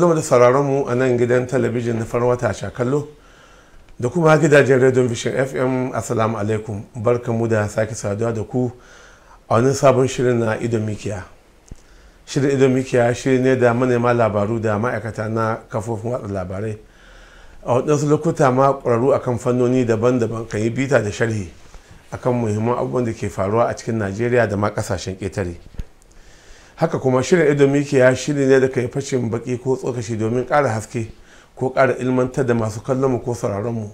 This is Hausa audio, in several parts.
kallo da sauraron mu a nan gidan talabijin na farin wata sha kallo da kuma gidajen radio vision fm assalamu alaikum mu da sake saduwa da ku a wani sabon shirin na idon mikiya shirin idon mikiya shiri ne da manema labaru da ma'aikata na kafofin watsa labarai a waɗansu lokuta ma ƙwararru akan fannoni daban-daban kan yi bita da sharhi akan muhimman abubuwan da ke faruwa a cikin najeriya da ma kasashen ƙetare haka kuma shirin ya shiri ne da ka yi fashin baki ko tsokashi domin kara haske ko kara ilmantar da masu kallon mu ko sauraron mu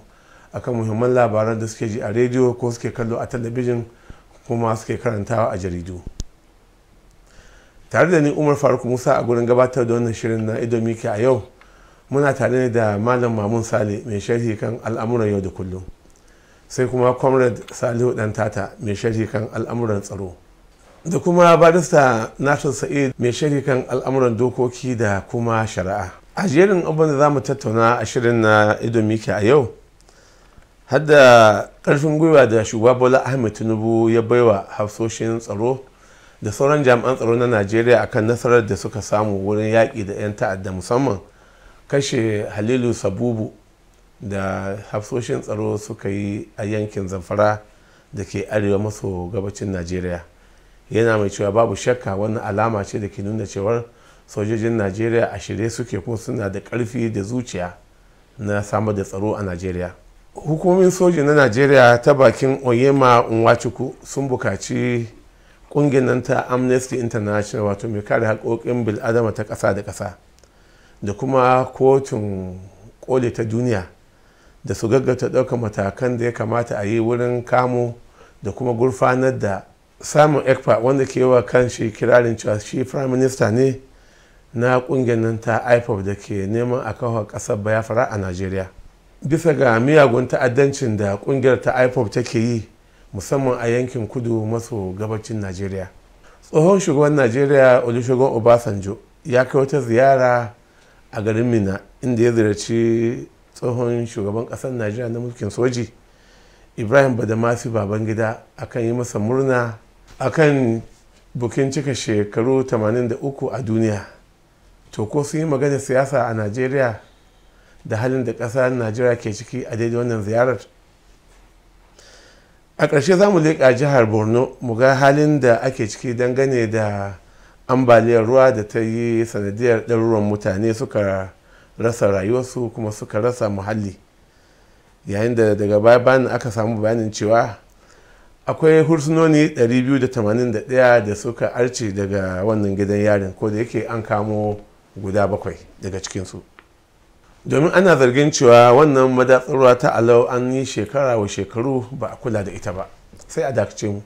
akan muhimman labaran da suke ji a rediyo ko suke kallo a talabijin kuma suke karantawa a jaridu tare da ni umar faruk musa a gurin gabatar da wannan shirin na miki a yau muna tare da malam mamun sale mai sharhi kan al'amuran yau da kullum sai kuma comrade salihu dan tata mai sharhi kan al'amuran tsaro da kuma barista nasir sa'id mai kan al'amuran dokoki da kuma shari'a a jerin abin da za mu tattauna a shirin na idomiki a yau hadda karfin gwiwa da shugaba bola ahmed tinubu ya baiwa hafsoshin tsaro da sauran jami'an tsaro na najeriya akan nasarar da suka samu wurin yaƙi da 'yan ta'adda musamman kashe halilu sabubu da hafsoshin tsaro suka yi a yankin zamfara da ke arewa maso gabacin najeriya yana mai cewa babu shakka wannan alama ce da ke nuna cewar sojojin najeriya a shirye suke kuma suna da karfi da zuciya na samar da tsaro a najeriya hukumomin soji na najeriya ta bakin oyema nwachukwu sun bukaci kungiyar ta amnesty international wato mai kare haƙoƙin bil'adama ta ƙasa da ƙasa da kuma kotun kole ta duniya da su gaggata ɗaukar matakan da ya kamata a yi wurin kamo da kuma gurfanar da samun ekpa wanda ke wa kan shi kirarin cewa shi prime minister ne na kungiyar nan ta ipob da ke neman a kawo kasar bayafara a nigeria bisa ga miyagun ta'addancin da kungiyar ta ipob take yi musamman a yankin kudu maso gabacin nigeria tsohon shugaban nigeria olusegun obasanjo ya kai wata ziyara a garin mina inda ya ziyarci tsohon shugaban kasar najeriya na mulkin soji ibrahim badamasi babangida akan yi masa murna a kan bukin cika shekaru 83 a duniya to ko sun yi magana siyasa a najeriya da halin da ƙasar najeriya ke ciki a daidai wannan ziyarar a ƙarshe za mu leƙa jihar borno mu ga halin da ake ciki dangane da ambaliyar ruwa da ta yi sanadiyar ɗaruruwan mutane suka rasa rayuwarsu kuma suka rasa muhalli yayin da daga baya bayan aka samu bayanin cewa akwai hursunoni 281 da suka arce daga wannan gidan yarin ko da yake an kamo guda bakwai daga cikinsu domin ana zargin cewa wannan madatsarwa ta alau an yi shekara wa shekaru ba a kula da ita ba sai a dakace mu.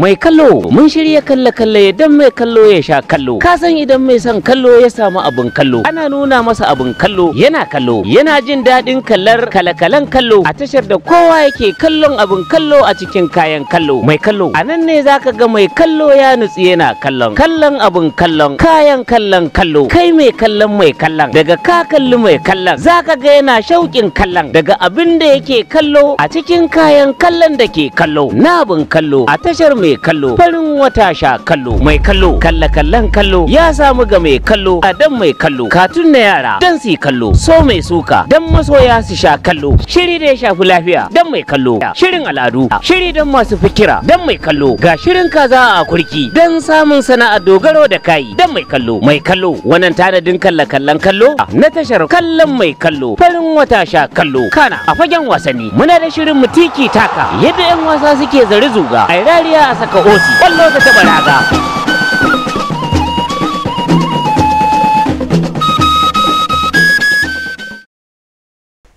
mai kallo mun shirya kalle kalle idan mai kallo ya sha kallo ka san idan mai son kallo ya samu abin kallo ana nuna masa abin kallo yana kallo yana jin daɗin kallar kalakalan kallo a tashar da kowa yake kallon abin kallo a cikin kayan kallo mai kallo a nan ne zaka ga mai kallo ya nutsi yana kallon kallon abin kallon kayan kallon kallo kai mai kallon mai kallon daga ka kalli mai kallon zaka ga yana shauƙin kallon daga abin da yake kallo a cikin kayan kallon da ke kallo na abin kallo a tashar mai mai kallo farin wata sha kallo mai kallo kalla kallan kallo ya samu ga mai kallo a dan mai kallo katun na yara dan su kallo so mai suka dan masoya su sha kallo shiri da ya shafi lafiya dan mai kallo shirin al'adu shiri dan masu fikira dan mai kallo ga shirin kaza a kurki dan samun sana'ar dogaro da kai dan mai kallo mai kallo wannan tanadin kalla kallan kallo na tashar kallon mai kallo farin wata sha kallo kana a fagen wasanni muna da shirin mutiki taka yadda yan wasa suke zarizuga. zuga a rariya ta saka osi kwallo ta baraga. raga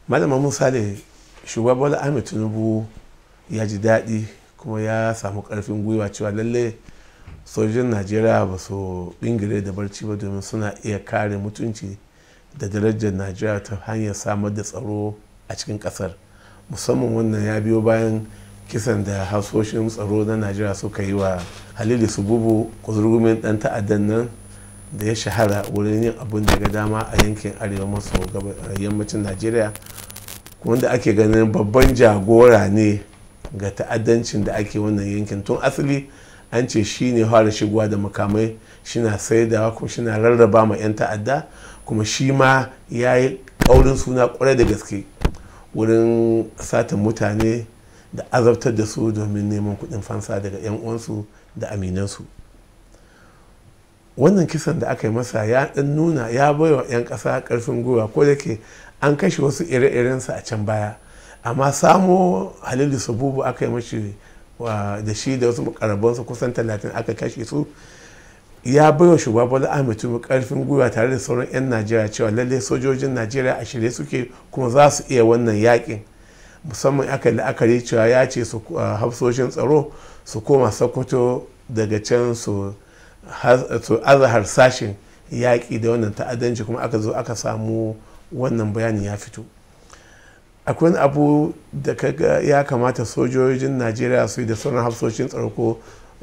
malama musa ne shugaba ahmed tinubu ya ji daɗi kuma ya samu ƙarfin gwiwa cewa lalle sojin najeriya ba su bingire da barci ba domin suna iya kare mutunci da darajar najeriya ta hanyar samar da tsaro a cikin ƙasar musamman wannan ya biyo bayan kisan da hasoshin tsaro na najeriya suka yi wa halilu sububu kuzurgumin dan ta'addan nan da ya shahara wurin yin abin ga dama a yankin arewa maso yammacin najeriya wanda ake ganin babban jagora ne ga ta'addancin da ake wannan yankin tun asali an ce shi ne fara shigowa da makamai shina saidawa kuma na rarraba ma 'yan ta'adda kuma shi ma ya yi ƙaurin suna kwarai da gaske wurin satin mutane da azabtar da su domin neman kudin fansa daga 'yan uwansu da aminansu wannan kisan da aka yi masa ya ɗan nuna ya baiwa 'yan ƙasa karfin gwiwa ko da ke an kashe wasu ire-irensa a can baya amma samo halilu sabubu aka yi mashi da shi da wasu makarabansa kusan talatin aka kashe su ya baiwa shugaba bola ahmed karfin gwiwa tare da sauran 'yan najeriya cewa lallai sojojin najeriya a shirye suke kuma za su iya wannan yakin musamman aka la'akari cewa ya ce su uh, hafsoshin tsaro su koma sokoto daga can su azahar sashen yaƙi da wannan ta'addanci kuma aka zo aka samu wannan bayani ya fito akwai wani abu da ya kamata sojojin najeriya su yi da sauran hafsoshin tsaro ko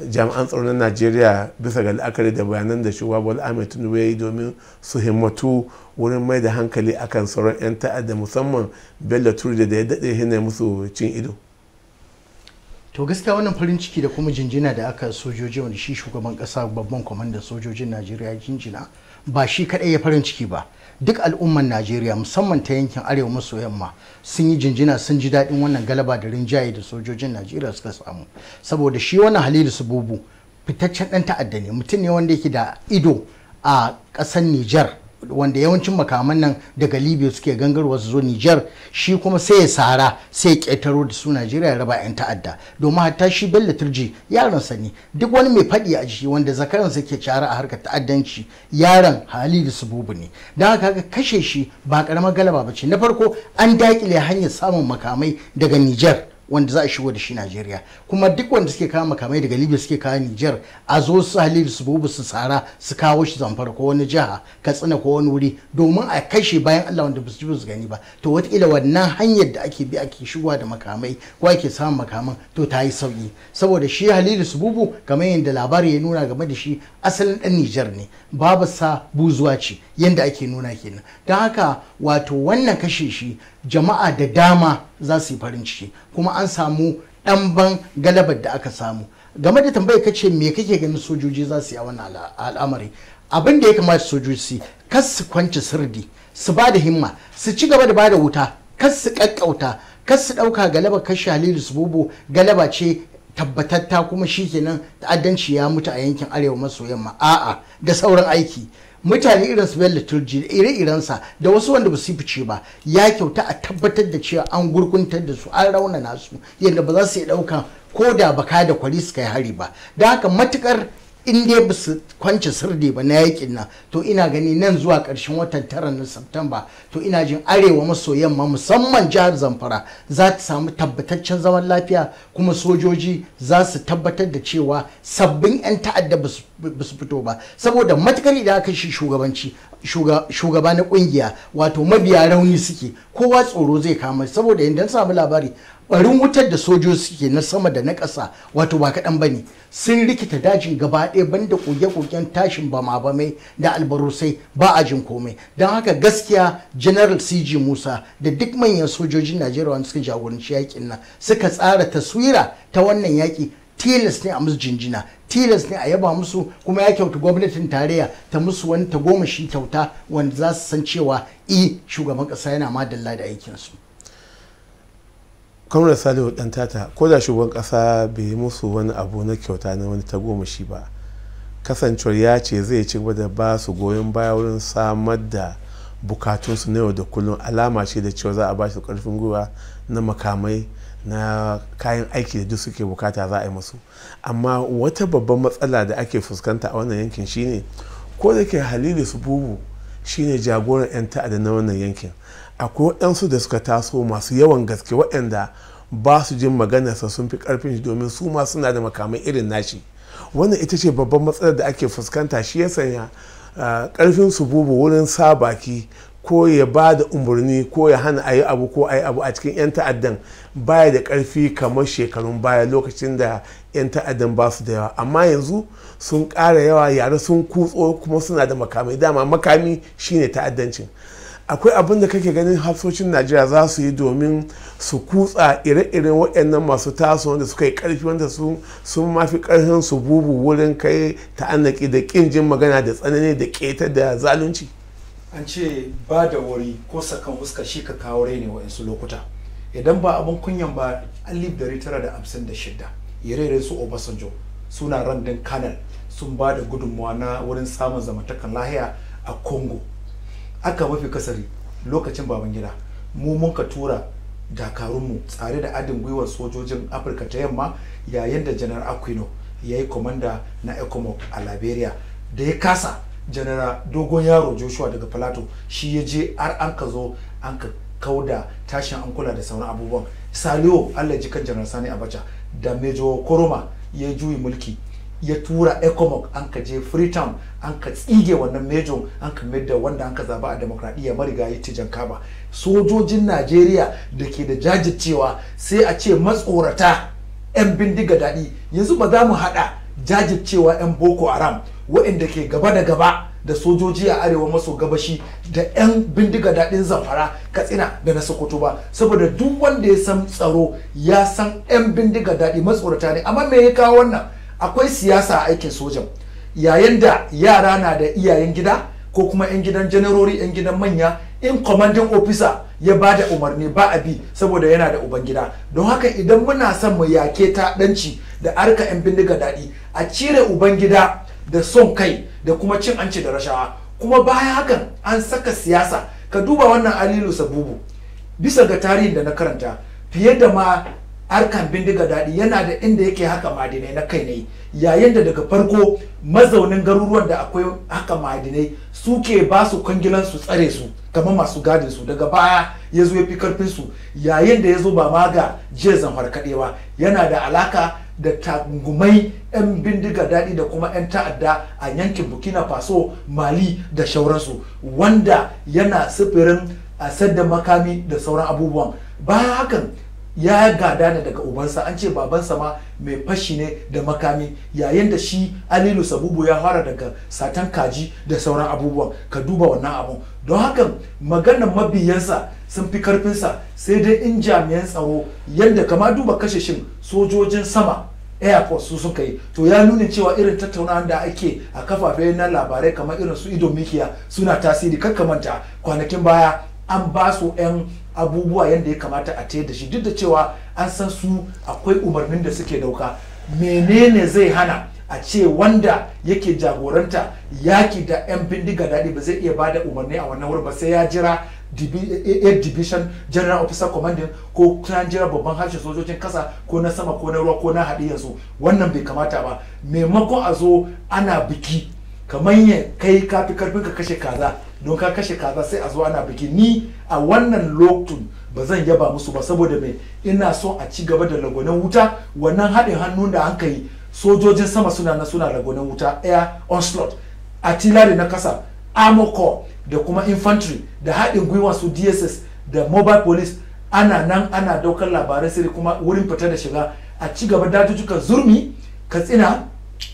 jami'an tsaro na najeriya bisa ga la'akari da bayanan da shugaba bola ahmed tinubu ya yi domin su himmatu wurin mai da hankali akan sauran 'yan ta'adda musamman bello turde da ya daɗe hina musu cin ido to gaskiya wannan farin ciki da kuma jinjina da aka sojoji wanda shi shugaban kasa babban kwamandan sojojin najeriya jinjina ba shi kaɗai ya farin ciki ba duk al'ummar najeriya musamman ta yankin arewa maso yamma sun yi jinjina sun ji daɗin wannan galaba da rinjaye da sojojin najeriya suka samu saboda shi wannan halilu bubu fitaccen ɗan ta'adda ne mutum ne wanda yake da ido a ƙasar nijar wanda yawancin makaman nan daga libya suke gangarwa su zo nijar shi kuma sai ya sara sai ya ƙetaro da su najeriya raba 'yan ta'adda domin hatta shi bello turji yaransa ne duk wani mai faɗi a jiki wanda zakaransa ke cara a harkar ta'addanci yaron su sububu ne don haka ka kashe shi ba karamar galaba ba ce na farko an daƙile hanyar samun makamai daga nijar wanda za a shigo da shi Najeriya kuma duk wanda suke kawo makamai daga Libya suke kawo Niger a zo su Halil su bubu su tsara su kawo shi Zamfara ko wani jiha Katsina ko wani wuri domin a kashe bayan Allah wanda ba su ji su gani ba to wata wataƙila wannan hanyar da ake bi ake shigowa da makamai ko ake samun makaman to ta yi sauki saboda shi su bubu kamar yadda labari ya nuna game da shi asalin ɗan Niger ne babu sa buzuwa ce yadda ake nuna kenan don haka wato wannan kashe shi jama'a da dama za su yi farin ciki kuma an samu ban galabar da aka samu game da tambayar kace me kake ganin sojoji za su yi a wannan al'amari abin da ya kamata sojoji su kas su kwanci sirdi su ba da himma su ci gaba da ba da wuta kas su kakkauta kas su ɗauka galaba kashe halilu su bobo galaba ce tabbatatta kuma shi kenan ta'addanci ya mutu a yankin arewa maso yamma a'a da sauran aiki mutane irin su bello turji ire-irensa da wasu wanda ba su fice ba ya kyauta a tabbatar da cewa an gurguntar da su an raunana su yadda ba za su iya ɗauka ko da baka da kwari suka yi hari ba da haka matukar in dai ba su kwance sirri ba na yakin nan to ina gani nan zuwa ƙarshen watan tara na Satumba to ina jin arewa maso yamma musamman jihar Zamfara za ta samu tabbataccen zaman lafiya kuma sojoji za su tabbatar da cewa sabbin 'yan ta'adda ba su fito ba saboda matukar idan aka shi shugabanci shugaba na kungiya wato mabiya rauni suke kowa tsoro zai kama saboda idan samu labari barin wutar da sojoji suke na sama da na ƙasa wato ba kaɗan ba ne sun rikita dajin gaba ɗaya banda koke-koken tashin bama bamai da albarusai ba a jin komai don haka gaskiya general cg musa da duk manyan sojojin najeriya wanda suka jagoranci yakin nan suka tsara taswira ta wannan yaki tilas ne a musu jinjina tilas ne a yaba musu kuma ya kyautu gwamnatin tarayya ta musu wani shi kyauta wanda za su san cewa i eh, shugaban ƙasa yana madalla da aikinsu. kwamnar salihu dan tata ko da shugaban kasa bai yi musu wani abu na kyauta na wani tagomashi ba kasancewar ya ce zai ci gaba da ba su goyon baya wurin samar da bukatunsu na yau da kullum alama ce da cewa za a ba su karfin gwiwa na makamai na kayan aiki da duk suke bukata za a yi musu amma wata babban matsala da ake fuskanta a wannan yankin shine ko da ke halilu su bubu shine jagoran 'yan ta'adda na wannan yankin akwai waɗansu da suka taso masu yawan gaske waɗanda ba su jin maganarsa sun fi karfin shi domin su ma suna da makamai irin nashi wannan ita ce babban matsalar da ake fuskanta shi ya sanya karfin su bubu wurin sa baki ko ya ba da umarni ko ya hana ayi abu ko a yi abu a cikin 'yan ta'addan baya da karfi kamar shekarun baya lokacin da 'yan ta'addan ba su da yawa amma yanzu sun ƙara yawa yare sun kutso kuma suna da makamai dama makami shine ta'addancin akwai abin da kake ganin hafsoshin najeriya za su yi domin su kutsa ire-iren waɗannan masu taso wanda suka yi ƙarfi wanda sun mafi ƙarfin su bubu wurin kai ta'annaki da ƙin jin magana da tsanani da ƙeta da zalunci an ce ba da wuri ko sakan fuska shi ka kawo rai ne wa'insu lokuta idan ba abin kunyan ba alif dari tara da hamsin da shida ire-iren su obasanjo suna randin kanal sun ba da gudunmawa na wurin samun zamantakan lahiya a congo aka mafi kasari lokacin baban gida mu mun ka tura dakarunmu tsare da adin gwiwar sojojin afirka ta yamma yayin da janar aquino ya yi komanda na ecomoc a liberia da ya kasa janara dogon yaro joshua daga plateau shi ya je har an ka zo an ka da tashin an kula da sauran abubuwan saliyo allah ji kan janar sani abacha da mejo koroma ya juyi mulki ya tura ecomog an ka je freetown an ka tsige wannan mejo an ka da wanda an ka zaba a demokradiyya marigayi tijan kaba sojojin najeriya da ke da jajircewa sai a ce matsorata 'yan bindiga daɗi yanzu ba za mu haɗa jajircewa 'yan boko haram waɗanda ke gaba da gaba da sojoji a arewa maso gabashi da 'yan bindiga daɗin zamfara katsina da na sokoto ba saboda duk wanda ya san tsaro ya san 'yan bindiga daɗi matsorata ne amma me ya kawo wannan akwai siyasa a aikin sojan yayin da yara na da iyayen gida ko kuma 'yan gidan janarori 'yan gidan manya in commanding officer ya ba da umarni ba a bi saboda yana da uban gida don haka idan muna son mu yake ta danci da arka 'yan bindiga daɗi a cire uban gida da son kai da kuma cin anci da rashawa kuma bayan hakan an saka siyasa ka duba wannan alilu sabubu bisa ga tarihin da na karanta fiye da ma harkan bindiga daɗi yana da inda yake haka madinai na kai ne yayin da daga farko mazaunin garuruwan da akwai haka madinai suke ba su kwangilan su tsare su kamar masu gadin su daga baya ya zo ya fi karfin su yayin da ya zo ba ma ga jezan harkaɗe ba yana da alaka da tagumai 'yan bindiga daɗi da kuma 'yan ta'adda a yankin burkina faso mali da shauransu wanda yana sufirin a sadda makami da sauran abubuwan bayan hakan ya gada ne daga ubansa an ce babansa ma mai fashi ne da makami yayin da shi alilu sabubu ya fara daga satan kaji da sauran abubuwan ka duba wannan abun don hakan maganar mabiyansa sun fi karfinsa sai dai in jami'an tsaro yadda kama duba kashe shin sojojin sama airport su suka yi to ya nuna cewa irin tattaunawa da ake a kafafe na labarai kamar irin su ido mikiya suna tasiri kakka manta kwanakin baya an ba su 'yan abubuwa yadda ya kamata a tayar da shi duk da cewa an san su akwai umarnin da suke dauka menene zai hana a ce wanda yake jagoranta yaki da 'yan bindiga daɗi ba zai iya ba da umarni a wannan wurin ba sai ya jira eh, eh, air division general officer commanding ko kuna jira babban harshen sojojin kasa ko na sama ko na ruwa ko na haɗi yanzu wannan bai kamata ba maimakon a zo ana biki kamar ya kai kafi karfin ka kashe kaza don ka kashe kaza sai a zo ana biki ni a wannan lokacin ba zan yaba musu ba saboda me ina so a ci gaba da lagonan wuta wannan haɗin hannu da an kai sojojin sama suna na suna lagonan wuta air onslaught artillery na kasa armor corps da kuma infantry da haɗin gwiwa su dss da mobile police ana nan ana daukar labarai sai kuma wurin fita da shiga a ci gaba dajujjuka zurmi katsina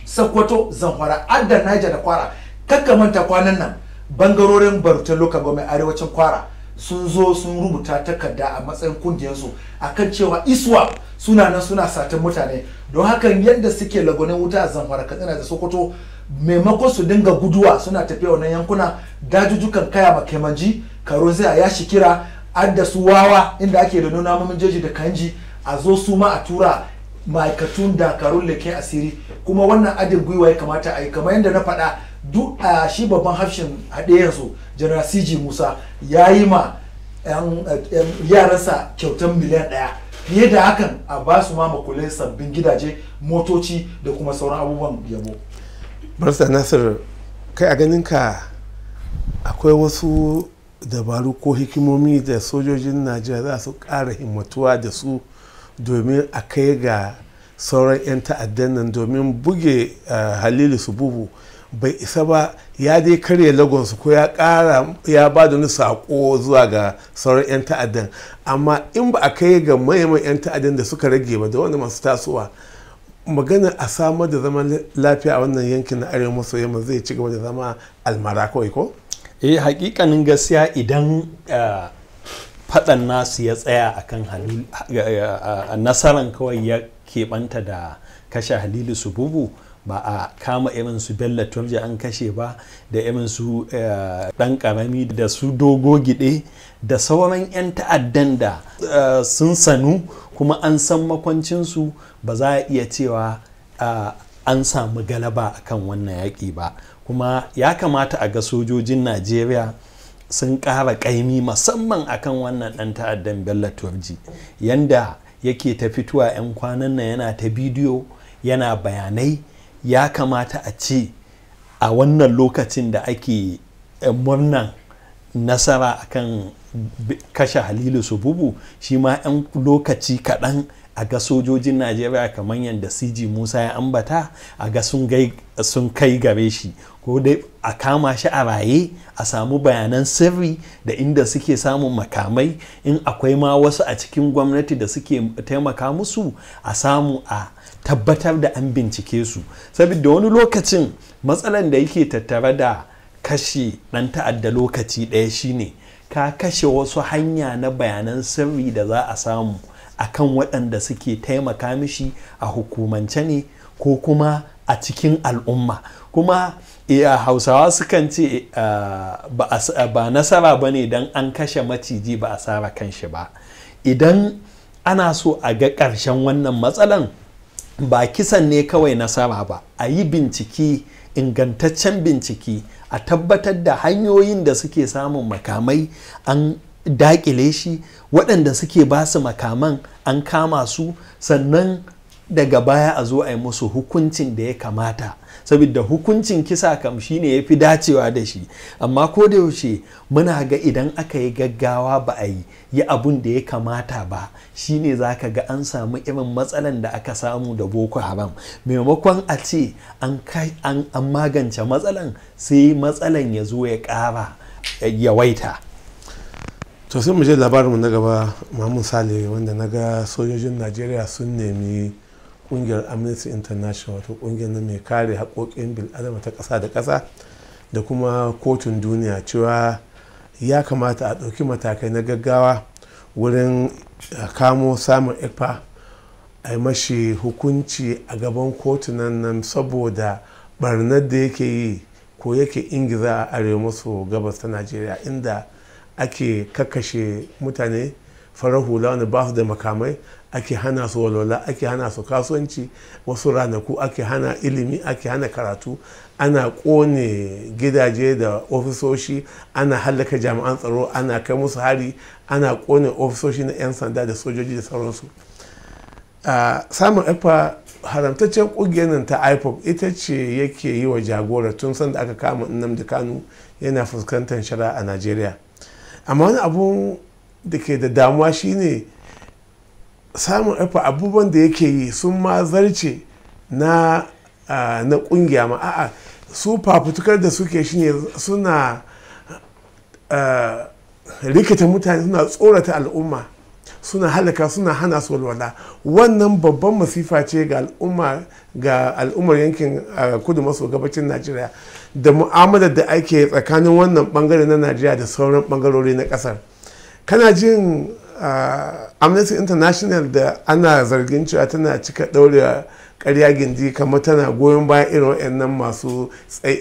sakwato zamfara adda naija da kwara kakka manta kwanan nan bangarorin barutan local government arewacin kwara sun zo sun rubuta takarda a matsayin kungiyarsu akan cewa iswa suna nan suna satan mutane don hakan yadda suke lagunan wuta a zamfara katsina da sokoto maimakon su dinga guduwa suna tafiya wannan yankuna dajujukan kaya makamanji karo zai a yashi kira adda su wawa inda ake da nuna mamin da kanji a zo su ma a tura ma'aikatun dakarun leke asiri kuma wannan adin gwiwa ya kamata a yi kamar yadda na faɗa duk a shi babban hafshin haɗeyansu general cg musa ya yi ma yaransa kyautar miliyan ɗaya fiye da hakan a ba su ma makule sabbin gidaje motoci da kuma sauran abubuwan yabo barista nasir kai a ganin ka akwai wasu dabaru ko hikimomi da sojojin najeriya za su ƙara himmatuwa da su domin a kai ga sauran 'yan ta'addan nan domin buge halilu su bubu bai isa ba ya dai karya lagonsu ko ya kara ya ba da wani sako zuwa ga sauran 'yan ta'addan amma in ba a kai ga mayaman 'yan ta'addan da suka rage ba da wani masu tasowa magana a samar da zaman lafiya a wannan yankin na arewa maso yamma zai ci gaba da zama almara kawai ko eh hakikanin gaskiya idan eh, faɗan nasu ya tsaya akan eh, eh, nasaran kawai ya keɓanta da kashe halilu sububu ba a kama irin su bella an kashe ba da irin su dan eh, karami da su dogo gide da sauran 'yan ta'addan da eh, sun sanu kuma an san makwancinsu ba za a iya cewa eh, an samu galaba a kan wannan yaƙi ba kuma ya kamata a ga sojojin najeriya sun ƙara ƙaimi musamman akan wannan ɗan ta'addan bello turji yanda yake ta fitowa 'yan kwanan nan yana ta bidiyo yana bayanai ya kamata a ce a wannan lokacin da ake eh, murnan nasara akan kashe halilu bubu shi ma 'yan lokaci kaɗan a ga sojojin najeriya kamar yadda Siji musa ya ambata a ga sun kai gare shi ko dai a kama shi a raye a samu bayanan sirri da inda suke samun makamai in akwai ma wasu a cikin gwamnati da suke taimaka musu a samu a tabbatar da an bincike su saboda wani lokacin matsalan da yake tattare da kashe ɗan ta'adda lokaci ɗaya shine ka kashe wasu hanya na bayanan sirri da za a samu akan waɗanda suke taimaka mishi a hukumance ne ko kuma a cikin al'umma kuma iya eh, hausawa sukan ce eh, ba nasara ba ne don an kashe maciji ba a tsara kan shi ba idan ana so a ga ƙarshen wannan matsalan ba kisan ne kawai nasara ba a yi bincike ingantaccen bincike a tabbatar da hanyoyin da suke samun makamai an dakile shi waɗanda suke ba su makaman an kama su sannan daga baya a zo a yi musu hukuncin da ya kamata saboda hukuncin kisa kam shine ya fi dacewa da shi amma ko da yaushe muna ga idan aka yi gaggawa ba a yi yi abun da ya kamata ba shine za ka ga an samu irin matsalan da aka samu da boko haram maimakon a ce an magance matsalan sai matsalan ya zo ya ƙara yawaita to sai mu je labarinmu na gaba mamun sale wanda na ga sojojin najeriya sun nemi kungiyar amnesty international wato kungiyar na mai kare haƙoƙin bil'adama ta ƙasa da ƙasa da kuma kotun duniya cewa ya kamata a ɗauki matakai na gaggawa wurin eh, kamo samun ekpa a mashi hukunci a gaban kotunan nan saboda barnar da yake yi ko yake ingiza a arewa maso gabas ta najeriya inda ake kakkashe mutane farar hula wanda ba su da makamai ake hana su walwala ake hana su kasuwanci wasu ranaku ake hana ilimi ake hana karatu ana kone gidaje da ofisoshi ana hallaka jami'an tsaro ana kai musu hari ana kone ofisoshi na 'yan sanda da sojoji da sauransu samun efa haramtaccen ƙungiyar nan ta ipop ita ce yake yi wa jagora tun sanda aka kama nnamdi kanu yana fuskantar shara a najeriya amma wani abun da ke da damuwa shine samun efa abubuwan da yake yi sun ma zarce na kungiya ma a'a su fafutukar da suke shine suna rikita mutane suna tsorata al'umma suna halaka suna hana su walwala wannan babban masifa ce ga al'umma ga al'ummar yankin kudu maso gabacin najeriya da mu'amalar da ake tsakanin wannan bangare na najeriya da sauran bangarori na kasar kana jin Uh, amnesty international da ana zargin cewa tana cika ɗaure karya gindi kamar tana goyon baya irin waɗannan masu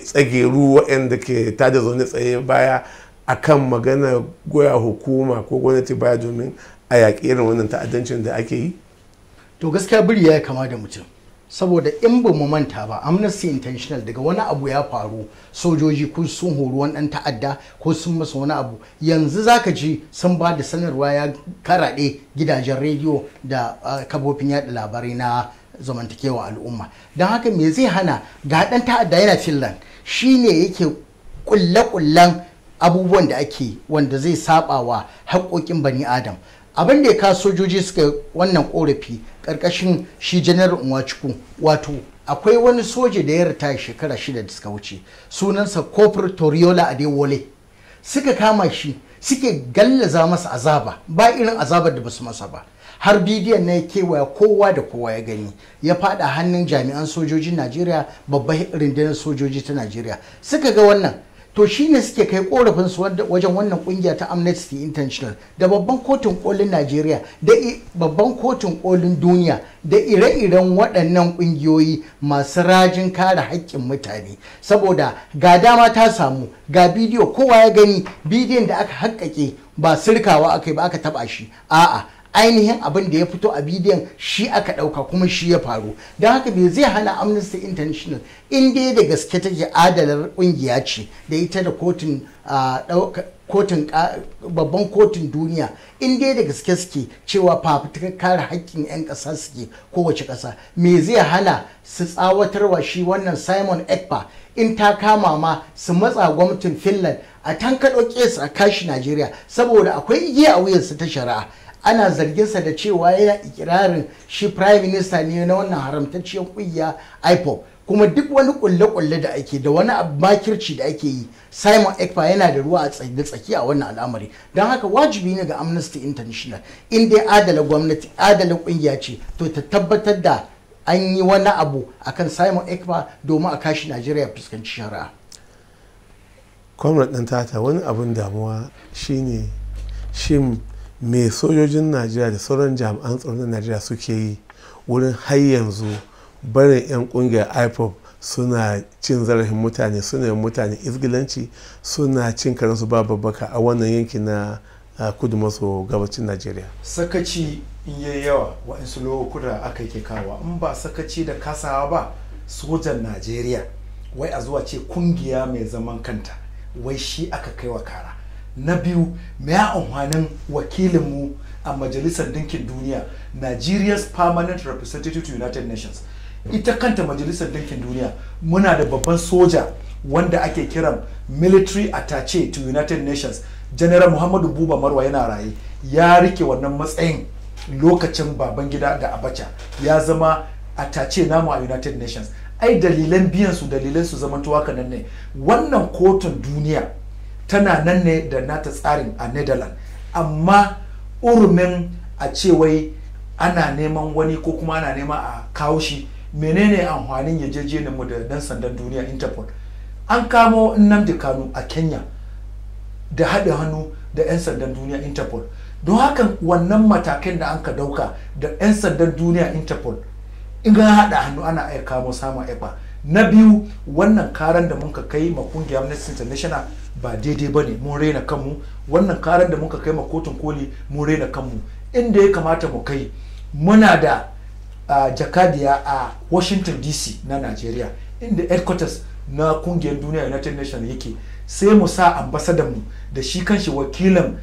tsageru waɗanda ke tada zaune tsaye baya akan magana goya hukuma ko gwamnati baya domin a yaƙi irin wannan ta'addancin da ake yi to gaskiya biri ya kama da mutum saboda in ba mu manta ba amnesty intentional daga wani abu ya faru sojoji kun sun horo wani dan ta'adda ko sun masa wani abu yanzu zaka ji sun ba da sanarwa ya karaɗe gidajen rediyo da kafofin yaɗa labarai na zamantakewa al'umma don haka me zai hana ga dan ta'adda yana Shi ne yake kulle-kullen abubuwan da ake wanda zai saba wa haƙoƙin bani adam abin da ya ka sojoji suka wannan korafi karkashin shi janar unwaciku wato akwai wani soja da ya ritaya shekara shida da suka wuce sunansa kofar toriola adewole suka kama shi suke gallaza masa azaba ba irin azabar da basu masa ba har bidiyon na ya kewaya kowa da kowa ya gani ya fada hannun jami'an sojojin najeriya babban rundunar sojoji ta najeriya suka ga wannan to shi ne suke kai korafin su wajen wannan kungiya ta amnesty international da babban kotun kolin najeriya da babban kotun kolin duniya da ire-iren waɗannan kungiyoyi masu rajin kare haƙƙin mutane saboda ga dama ta samu ga bidiyo kowa ya gani bidiyon da aka haƙƙaƙe ba sirkawa aka yi ba aka taɓa shi a'a ainihin abin da ya fito a bidiyon shi aka ɗauka kuma shi ya faru don haka bai zai hana amnesty international in dai da gaske take adalar ƙungiya ce da ita da kotun kotun babban kotun duniya in dai da gaske suke cewa fafutukar kare haƙƙin 'yan ƙasa suke kowace ƙasa me zai hana su tsawatarwa shi wannan simon ekpa in ta kama ma su matsa gwamnatin finland a tankaɗo kesa a kashi najeriya saboda akwai igiya a wuyarsu ta shari'a ana zarginsa da cewa yana ikirarin shi prime minister ne na wannan haramtacciyar kungiya ipop kuma duk wani kulle-kulle da ake da wani makirci da ake yi simon ekpa yana da ruwa a tsaki a wannan al'amari don haka wajibi ne ga amnesty international in dai adala gwamnati adala kungiya ce to ta tabbatar da an yi wani abu akan simon ekpa domin a kashi najeriya fuskanci shari'a comrade ɗan tata wani abun damuwa shine shin me sojojin najeriya da sauran jami'an tsaron na najeriya suke yi wurin har yanzu barin 'yan kungiyar ipop suna cin zarafin mutane suna yin mutane izgilanci suna cin karansu ba babbaka a wannan yanki na kudu maso gabacin najeriya sakaci in yi yawa waɗansu lokuta aka yi kawa in ba sakaci da kasawa ba sojan najeriya wai a zuwa ce kungiya mai zaman kanta wai shi aka kai wa kara na biyu ya amfanin mu a majalisar dinkin duniya nigeria's permanent representative to united nations ita kanta majalisar dinkin duniya muna da babban soja wanda ake kiran military attache to united nations general muhammadu buba marwa yana raye ya rike wannan matsayin lokacin baban gida da abacha ya zama attache namu a united nations ai dalilan biyan su dalilan su tuwa kanan ne wannan kotun duniya tana nan ne da nata tsarin a netherlands amma urumin a ce wai ana neman wani ko kuma ana nema a kawo shi menene amfanin yajejeniyar mu da dan sandan duniya interpol an kamo nnamdi kanu a kenya da haɗa hannu da 'yan sandan duniya interpol don hakan wannan matakan da an ka dauka da 'yan sandan duniya interpol in ga haɗa hannu ana aika mu samun eba na biyu wannan karan da muka kai ma kungiyar amnesty international ba daidai ba ne mun raina kanmu wannan karar da muka kai ma kotun koli mun raina kanmu inda ya kamata mu kai muna da jakadiya a washington dc na nigeria inda headquarters na kungiyar duniya united nations yake sai mu sa ambasadan mu da shi kanshi wakilan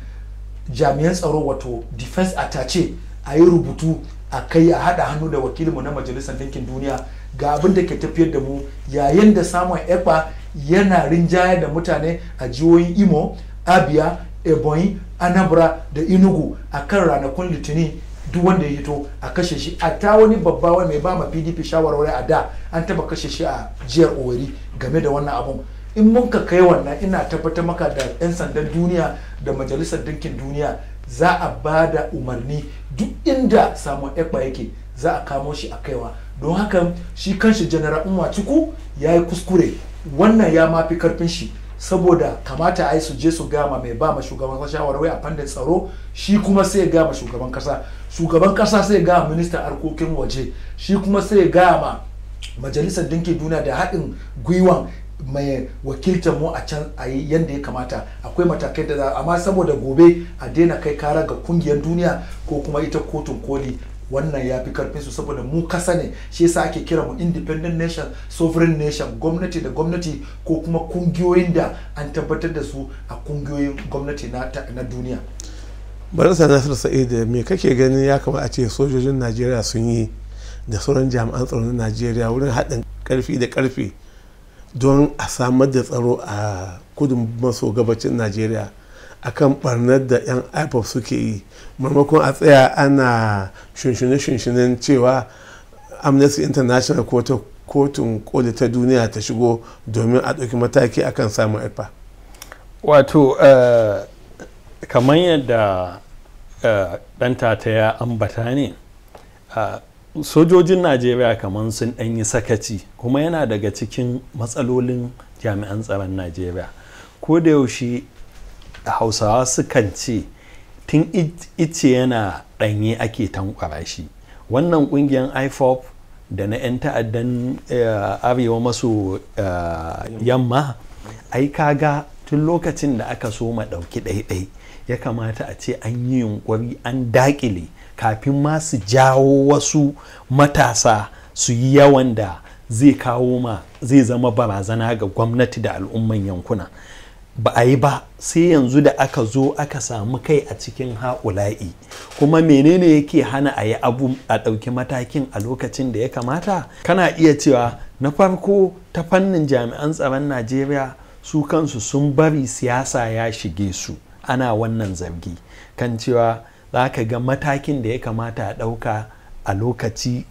jami'an tsaro wato defense attache a yi rubutu a kai a haɗa hannu da wakilinmu na majalisar ɗinkin duniya ga abin da ke tafiyar da mu yayin da samun ekpa yana rinjaya da mutane a jihohin imo abia ebonyi anambra da inugu a kan ranakun litinin duk wanda ya hito a kashe shi a ta wani babba wai mai ba ma pdp shawarwari a da an taba kashe shi a jiyar owari game da wannan abun in mun ka kai wannan ina tabbatar maka da 'yan sandan duniya da majalisar dinkin duniya za a ba da umarni duk inda samun ekpa yake za a kamo shi a kaiwa don hakan shi kanshi general umar ciku ya yi kuskure wannan ya mafi karfin shi saboda kamata a yi su je su gama mai ba ma shugaban kasa shawarwai a fannin tsaro shi kuma sai ya gama shugaban kasa shugaban kasa sai ya gama ministan harkokin waje shi kuma sai ya gama majalisar dinkin duniya da haɗin gwiwan mai wakiltar mu a can a yi yadda ya kamata akwai matakai da za amma saboda gobe a daina kai kara ga kungiyar duniya ko kuma ita kotun koli wannan ya fi karfin su saboda mu kasa ne shi yasa ake kira mu independent nation sovereign nation gwamnati da gwamnati ko kuma kungiyoyin da an tabbatar da su a kungiyoyin gwamnati na duniya barasa nasiru sa'id me kake ganin ya kamata a ce sojojin najeriya sun yi da sauran jami'an tsaro na najeriya wurin haɗin karfi da karfi don a samar da tsaro a kudu maso gabacin najeriya akan barnar da 'yan ipop suke yi maimakon a tsaya ana shunshine-shunshinen cewa amnesty international ko ta kotun koli ta duniya ta shigo domin a ɗauki mataki akan samun ipa wato uh, kamar yadda uh, eh, ɗanta ta ya ambata ne uh, sojojin najeriya kamar sun ɗan yi sakaci kuma yana daga cikin matsalolin jami'an tsaron najeriya ko da yaushe hausawa sukan ce tun ice yana ɗanye ake tankwara shi wannan ƙungiyar ifop da na 'yan ta'addan eh, arewa maso eh, yamma ai kaga tun lokacin da aka so ma ɗauki ɗaiɗai ya kamata a ce an yi yunƙuri an daƙile kafin ma su jawo wasu matasa su yi yawan da zai kawo ma zai zama barazana ga gwamnati da al'umman yankuna ba a yi ba sai yanzu da aka zo aka samu kai a cikin haƙula'i kuma menene yake hana a yi abu a ɗauki matakin a lokacin da ya kamata kana iya cewa na farko ta fannin jami'an tsaron najeriya su kansu sun bari siyasa ya shige su ana wannan zargi kan cewa za ka ga matakin da ya kamata a ɗauka a lokaci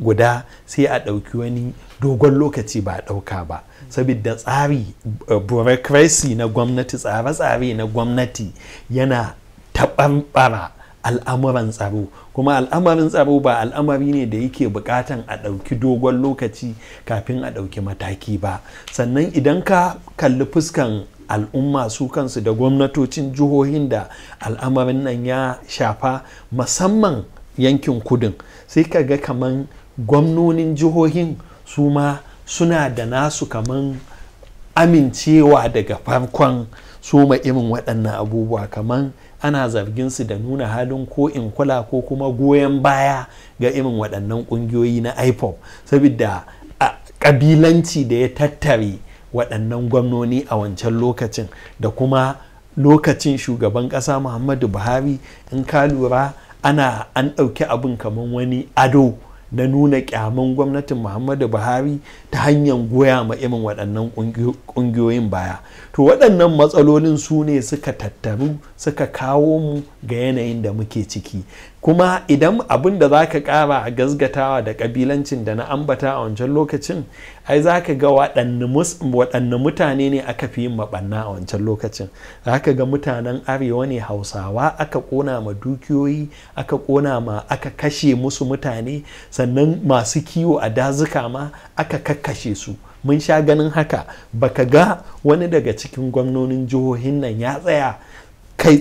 guda sai a ɗauki wani dogon lokaci ba a ɗauka ba saboda tsari eh, bureaucracy na gwamnati tsare-tsare na gwamnati yana taɓarɓara al'amuran tsaro kuma al'amarin tsaro ba al'amari ne da yake bukatan a ɗauki dogon lokaci kafin a ɗauki mataki ba sannan idan ka kalli fuskan al'umma su kansu da gwamnatocin jihohin da al'amarin nan ya shafa musamman yankin kudin sai ka ga kaman gwamnonin jihohin su ma suna da nasu kaman amincewa daga farkon soma irin waɗannan abubuwa kaman ana zargin su da nuna halin ko in kula ko kuma goyon baya ga irin waɗannan ƙungiyoyi na ipop saboda ƙabilanci da ya tattare waɗannan gwamnoni a wancan lokacin da kuma lokacin shugaban ƙasa muhammadu buhari in ka lura ana an ɗauki abin kaman wani ado na nuna kyaman gwamnatin muhammadu buhari ta hanyar goya ma irin waɗannan ƙungiyoyin baya to waɗannan matsalolin su ne suka tattaru suka kawo mu ga yanayin da muke ciki kuma idan abin da za ka ƙara a gazgatawa da ƙabilancin da na ambata a wancan lokacin ai za ka ga waɗanne mutane ne aka fi yin maɓanna a wancan lokacin za ka ga mutanen arewa ne hausawa aka ƙona ma dukiyoyi aka ƙona ma aka kashe musu mutane sannan masu kiwo a dazuka ma aka kashe su mun sha ganin haka baka ga wani daga cikin gwamnonin jihohin nan ya tsaya kai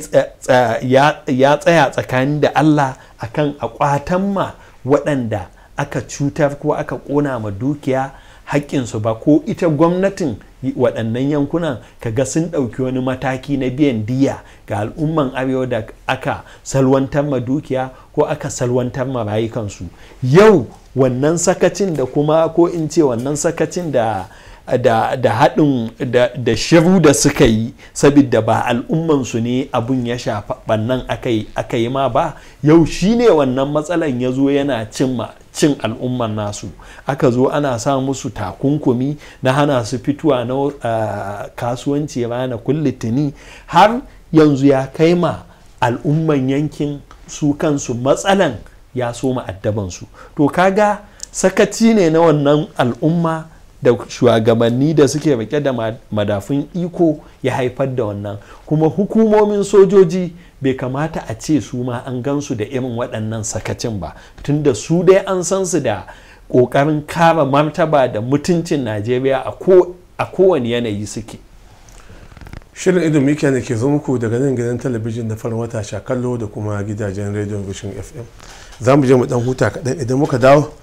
ya tsaya tsakanin da Allah akan akwatan ma waɗanda aka cutar ko aka ƙona ma dukiya haƙƙinsu ba ko ita gwamnatin waɗannan yankunan ka ga sun ɗauki wani mataki na biyan diya ga al'umman arewa da aka salwantar ma dukiya ko aka salwantar ma rayukansu yau wannan sakacin da kuma ko in ce wannan sakacin da da da haɗin da, da shiru da suka yi saboda ba al'ummansu ne abun ya shafa bannan aka yi ma ba yau shi ne wannan matsalan ya zo yana cimma cin al'umman nasu aka zo ana sa musu takunkumi na hana su fituwa na uh, kasuwanci rana kullitini har yanzu ya kai ma al'umman yankin su kansu matsalan ya so ma'addabansu to kaga sakaci ne na wannan al'umma da shugabanni da suke rike da madafun iko ya haifar da wannan kuma hukumomin sojoji bai kamata a ce su ma an gansu da irin waɗannan sakacin ba tunda su dai an san su da ƙoƙarin kara martaba da mutuncin najeriya a kowane yanayi suke shirin idon mika ne ke zo muku daga nan gidan talabijin na farin wata shakallo da kuma gidajen rediyon fm za mu je mu dan huta kaɗan idan muka dawo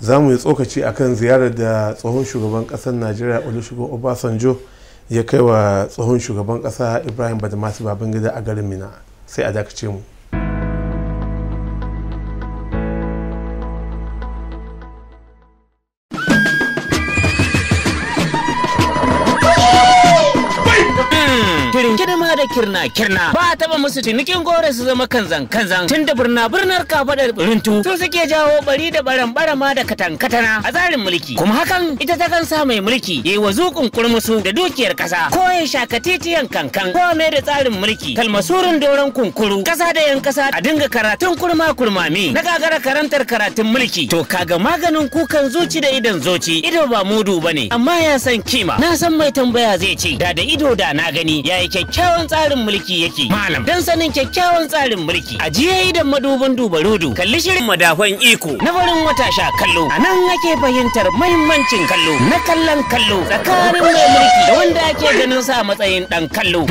za mu yi tsokaci a kan ziyarar da tsohon shugaban ƙasar najeriya olusegun obasanjo ya kai wa tsohon shugaban ƙasa ibrahim badamasi babangida a garin mina sai a dakace mu kirna kirna ba a taba musu tunikin gore su zama kanzan kanzan tun da birna birnar kafadar birintu su suke jawo bari da baran barama da katankatana a tsarin mulki kuma hakan ita ta sa mai mulki yayi wa zukun kurmusu da dukiyar kasa ko ya shaka titiyan kankan ko mai da tsarin mulki kalmasurin doron kunkuru kasa da yan kasa a dinga karatun kurma kurmami na gagara karantar karatun mulki to kaga maganin kukan zuci da idan zuci. ido ba mudu bane amma ya san kima na san mai tambaya zai ce da da ido da na gani yayi kyakkyawan tsari tsarin mulki yake. Malam. Don sanin kyakkyawan tsarin mulki. Ajiye idan madubin dubarudu. Kalli shirin madafan iko. Na barin wata sha kallo. A nan ake fahimtar mahimmancin kallo. Na kallon kallo. Tsakanin mai mulki da wanda ake ganin sa matsayin dan kallo.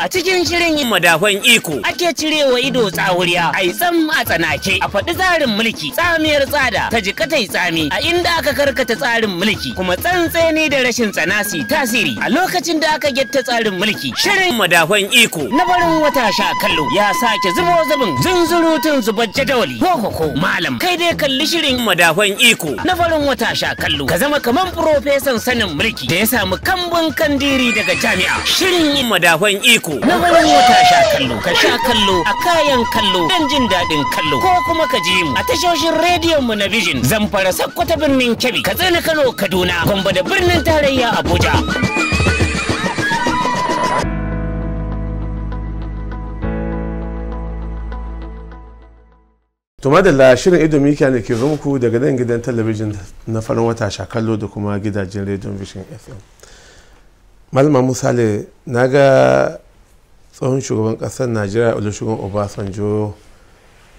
A cikin shirin madafan iko. Ake cirewa ido tsawuriya. Ai tsam a tsanake. A faɗi tsarin mulki. Tsamiyar tsada. Ta jika tai tsami. A inda aka karkata tsarin mulki. Kuma tsantseni da rashin tsanasi tasiri. A lokacin da aka getta tsarin mulki. Shirin madafan iko. iko na barin wata sha kallo ya sake zubo zubin zunzurutun zubar jadawali ko malam kai dai kalli shirin madafan iko na barin wata sha kallo ka zama kaman profesan sanin mulki da ya samu kambun kandiri daga jami'a shirin madafan iko na barin wata sha kallo ka sha kallo a kayan kallo dan jin daɗin kallo ko kuma ka ji mu a tashoshin rediyon mu na vision zamfara sakkwata birnin kebi ka tsina kano kaduna gombe da birnin tarayya abuja to madalla shirin ido mika ne ke zo muku daga nan gidan talabijin na farin wata shakallo da kuma gidajen rediyon vision fm malama musale na ga tsohon shugaban kasar najeriya olusegun obasanjo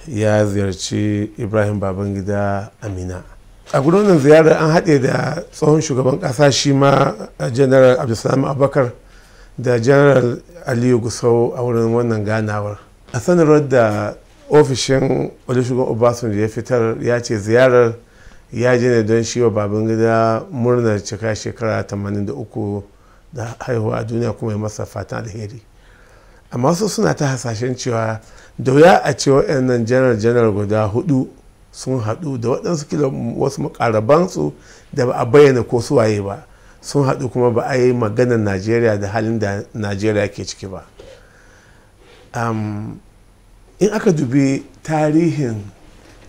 ya ziyarci ibrahim babangida amina a gudunan ziyarar an haɗe da tsohon shugaban ƙasa shi ma general abdulsalam abubakar da general aliyu gusau a wurin wannan ganawar a sanarwar da ofishin olusegun obasanjo ya fitar ya ce ziyarar ya je ne don shi wa babin gida murnar cika shekara 83 da haihuwa a duniya kuma ya masa fatan alheri amma wasu suna ta hasashen cewa da wuya a ce wa'annan janar janar guda hudu sun haɗu da waɗansu kila wasu makarabansu da ba a bayyana ko su waye ba sun haɗu kuma ba a yi maganar najeriya da halin da najeriya ke ciki ba in aka dubi tarihin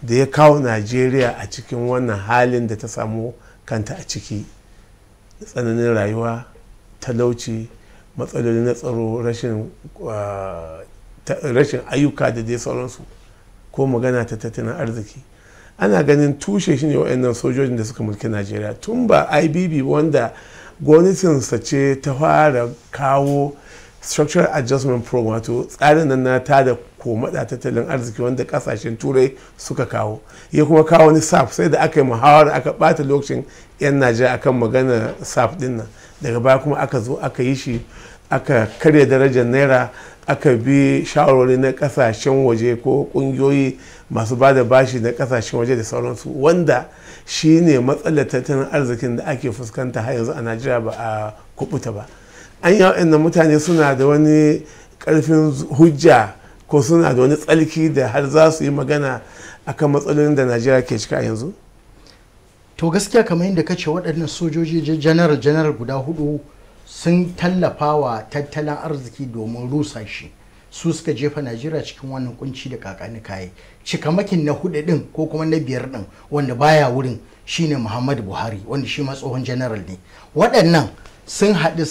da ya kawo najeriya a cikin wannan halin da ta samu kanta a ciki tsananin rayuwa talauci matsaloli na tsaro ah, rashin ayyuka da dai sauransu ko magana ta tattalin arziki ana ganin tushe shi shine waɗannan sojojin da suka mulki najeriya tun ba ibb wanda gwamnatinsa ce ta fara kawo structural adjustment program wato tsarin nan na tada ko maɗa tattalin arziki wanda kasashen turai suka kawo ya kuma kawo wani saf sai da aka yi muhawara aka bata lokacin 'yan najeriya akan magana saf din nan daga baya kuma aka zo aka yi shi aka karya darajar naira aka bi shawarwari na kasashen waje ko ƙungiyoyi masu ba da bashi na kasashen waje da sauransu wanda shi ne matsalar tattalin arzikin da ake fuskanta har yanzu a najeriya ba a kubuta ba an yi mutane suna da wani karfin hujja ko suna da wani tsarki da har za su yi magana akan matsalolin da najeriya ke cika yanzu to gaskiya kamar yadda ce waɗannan sojoji janar janar guda hudu sun tallafa wa tattalin arziki domin rusa shi su suka jefa najeriya cikin wannan kunci da kakani kaye cikamakin na hudu din ko kuma na biyar din wanda baya wurin shine muhammadu buhari wanda shi ma tsohon janaral ne waɗannan sun haɗu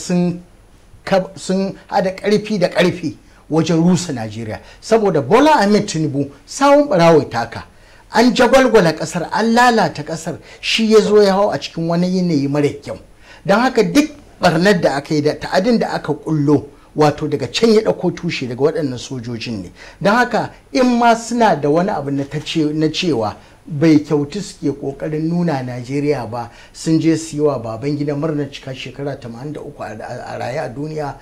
sun haɗa ƙarfi da ƙarfi wajen rusa najeriya saboda bola ahmed tinubu sawun barawai taka an jagwalgwala kasar an lalata kasar shi ya zo ya hau a cikin wani yanayi mara kyau don haka duk barnar da aka yi da ta'adin da aka kullo wato daga can ya dauko tushe daga waɗannan sojojin ne don haka in ma suna da wani abu na cewa bai kyautu suke kokarin nuna najeriya ba sun je su yi wa baban gida murnar cika shekara 83 a raye a duniya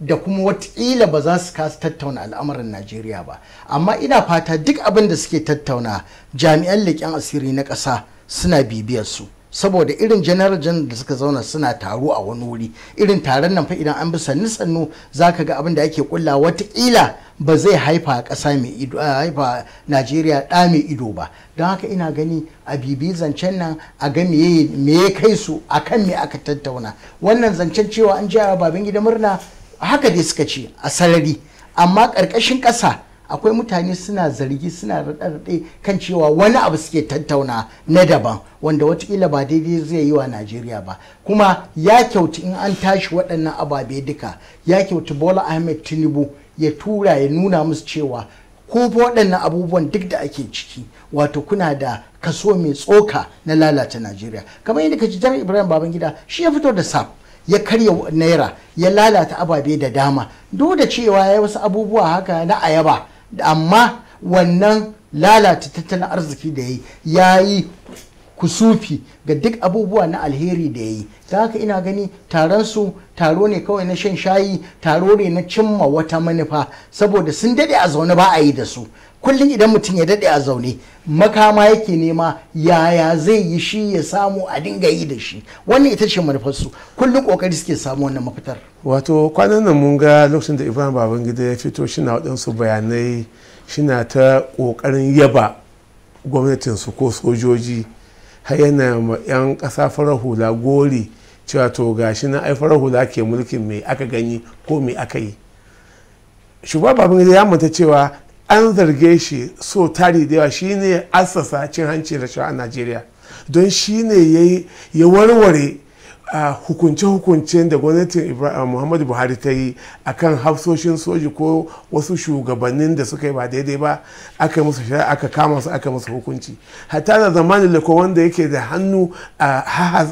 da kuma watakila ba za su kasa tattauna al'amuran najeriya ba amma ina fata duk abin da suke tattauna jami'an leƙen asiri na ƙasa suna bibiyar su saboda irin janar da suka zauna suna taro a wani wuri irin taron nan fa idan an bi sannu sannu za ka ga abin da ake kulla watakila ba zai haifa ƙasa mai ido haifa najeriya ɗa mai ido ba don haka ina gani a bibi zancen nan a ga me ya kai su akan me aka tattauna wannan zancen cewa an ji a gidan murna haka dai suka ce a sarari amma ƙarƙashin ƙasa akwai mutane suna zargi suna raɗe-raɗe kan cewa wani abu suke tattauna na daban wanda watakila ba daidai zai yi wa najeriya ba kuma ya kyautu in an tashi waɗannan ababe duka ya kyautu bola ahmed tinubu ya tura ya nuna musu cewa ko waɗannan abubuwan duk da ake ciki wato kuna da kaso mai tsoka na lalata najeriya kamar yadda ka ji jar ibrahim babangida shi ya fito da sap ya karya naira ya lalata ababe da dama duk da cewa ya wasu abubuwa haka na ayaba amma wannan lalata tattalin arziki da ya yi kusufi ga duk abubuwa na alheri da ya yi ta haka ina gani taron su taro ne kawai na shan shayi taro ne na cimma wata manufa saboda sun dade a zaune ba a yi da su kullum idan mutum ya daɗe a zaune makama yake nema yaya zai yi shi ya samu a dinga yi da shi wannan ita ce manufarsu kullum kokari suke samu wannan mafitar wato kwanan nan mun ga lokacin da ibrahim babangida ya fito shi na waɗansu bayanai shi na ta ƙoƙarin yaba gwamnatinsu ko sojoji har yana ma 'yan ƙasa farar hula gori cewa to gashi na ai farar hula ke mulkin me aka gani ko me aka yi shugaba babangida ya manta cewa an zarge shi so tari da yawa shine assasa cin hanci da a najeriya don shine ya warware hukunce-hukuncen da gwamnatin muhammadu buhari ta yi akan hafsoshin soji ko wasu shugabannin da suka yi ba daidai ba aka musu aka kama su aka musu hukunci hatta da zamanin lako wanda yake da hannu a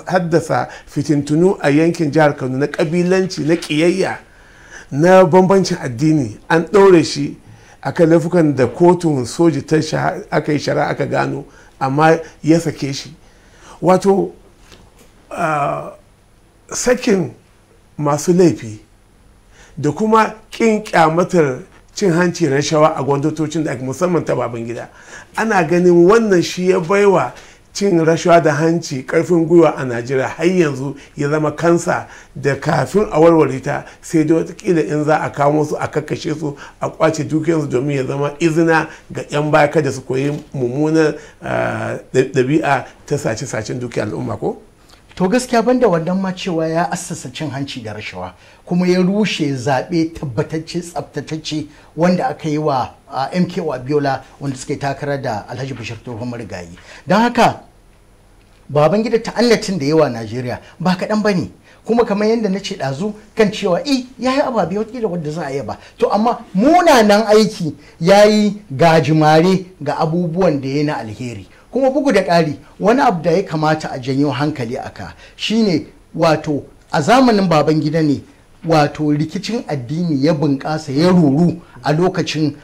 haddasa fitintunu a yankin jihar kano na kabilanci na kiyayya na bambancin addini an ɗaure shi akan laifukan da kotun soji ta aka yi shari'a aka gano amma ya sake shi wato sakin masu laifi da kuma kin kyamatar cin hanci rashawa a gwamnatocin da musamman ta baban gida ana ganin wannan shi ya baiwa cin rashawa da hanci karfin gwiwa a najeriya har yanzu ya zama kansa da kafin a warware ta sai dai watakila in za a kawo su a kakashe su a kwace dukiyarsu domin ya zama izina ga 'yan baya kada su koyi mummunan ah, ɗabi'a ta sace-sacen dukiyar al'umma ko? to gaskiya banda wannan ma cewa ya assasa cin hanci da rashawa kuma ya rushe zaɓe tabbatacce tsabtatacce wanda aka yi wa mk biola wanda suke takara da alhaji bashir tsohon marigayi don haka baban gida da yawa najeriya ba kaɗan ba ne kuma kamar yadda na ce ɗazu kan cewa i eh, ya yi ababe watakila wadda za a yi ba to amma munanan aiki ya yi gajimare ga abubuwan da ya na alheri kuma bugu da ƙari wani abu da ya kamata a janyo hankali aka shine wato a zamanin baban gida ne wato rikicin addini ya bunƙasa ya ruru a lokacin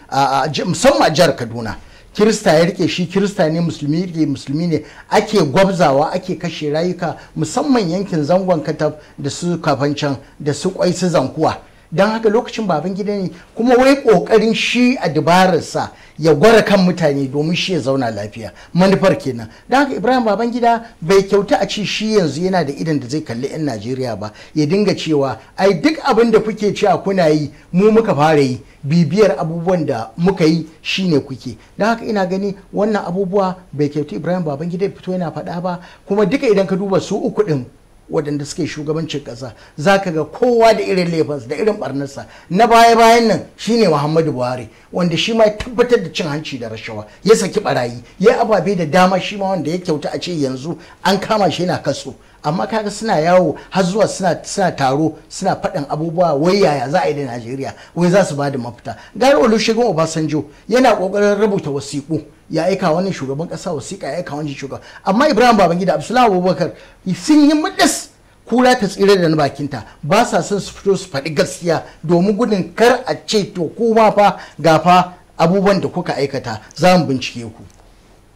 musamman a jihar kaduna kirista ya rike shi kirista ne musulmi rike musulmi ne ake gwabzawa ake kashe rayuka musamman yankin zangon kataf, da su kafancan da su kwai su zankuwa don haka lokacin baban gida ne kuma wai kokarin shi a dabararsa ya gwara kan mutane domin shi ya zauna lafiya manufar kenan don haka ibrahim baban gida bai kyauta a ce shi yanzu yana da idan da zai kalli 'yan najeriya ba ya dinga cewa ai duk abin da kuke cewa kuna yi mu muka fara yi bibiyar abubuwan da muka yi shine kuke don haka ina gani wannan abubuwa bai kyauta ibrahim baban gida fito yana faɗa ba kuma duka idan ka duba su uku ɗin waɗanda suke shugabancin ƙasa za ka ga kowa da irin laifinsa da irin barnarsa na baya bayan nan shine muhammadu buhari wanda shi ma ya tabbatar da cin hanci da rashawa ya saki barayi ya ababe da dama shi ma wanda ya kyauta a ce yanzu an kama shi yana kaso amma kaga suna yawo har zuwa suna taro suna faɗin abubuwa wai yaya za a yi da najeriya wai za su ba da mafita gari olusegun obasanjo yana ƙoƙarin rubuta wasiku ya aika wani shugaban ƙasa wasiƙa ya aika wani shugaban amma ibrahim babangida abdullahi abubakar sun yi muɗis kura ta tsira da na bakinta ba sa son su fito su faɗi gaskiya domin gudun kar a ce to ko ma fa gafa abubuwan da kuka aikata za mu bincike ku.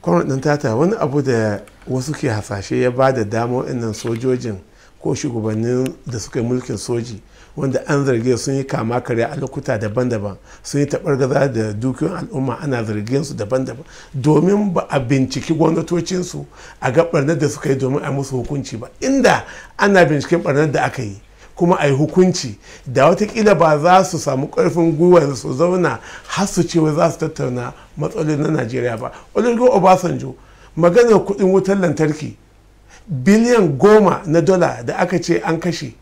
kwamitin tata wani abu da wasu ke hasashe ya ba da dama waɗannan sojojin ko shugabannin da suka yi mulkin soji wanda an zarge sun yi kama karya a lokuta daban-daban sun yi gaza da dukiyoyin al'umma ana zargin su daban-daban domin ba a binciki gwamnatocinsu a ga ɓarnar da suka yi domin a musu hukunci ba inda ana binciken barnar da aka yi kuma a yi hukunci da watakila ba za su samu karfin gwiwar su zauna har su cewa za su tattauna matsalolin na najeriya ba olugbo obasanjo maganar kudin wutar lantarki biliyan goma na dola da aka ce an kashe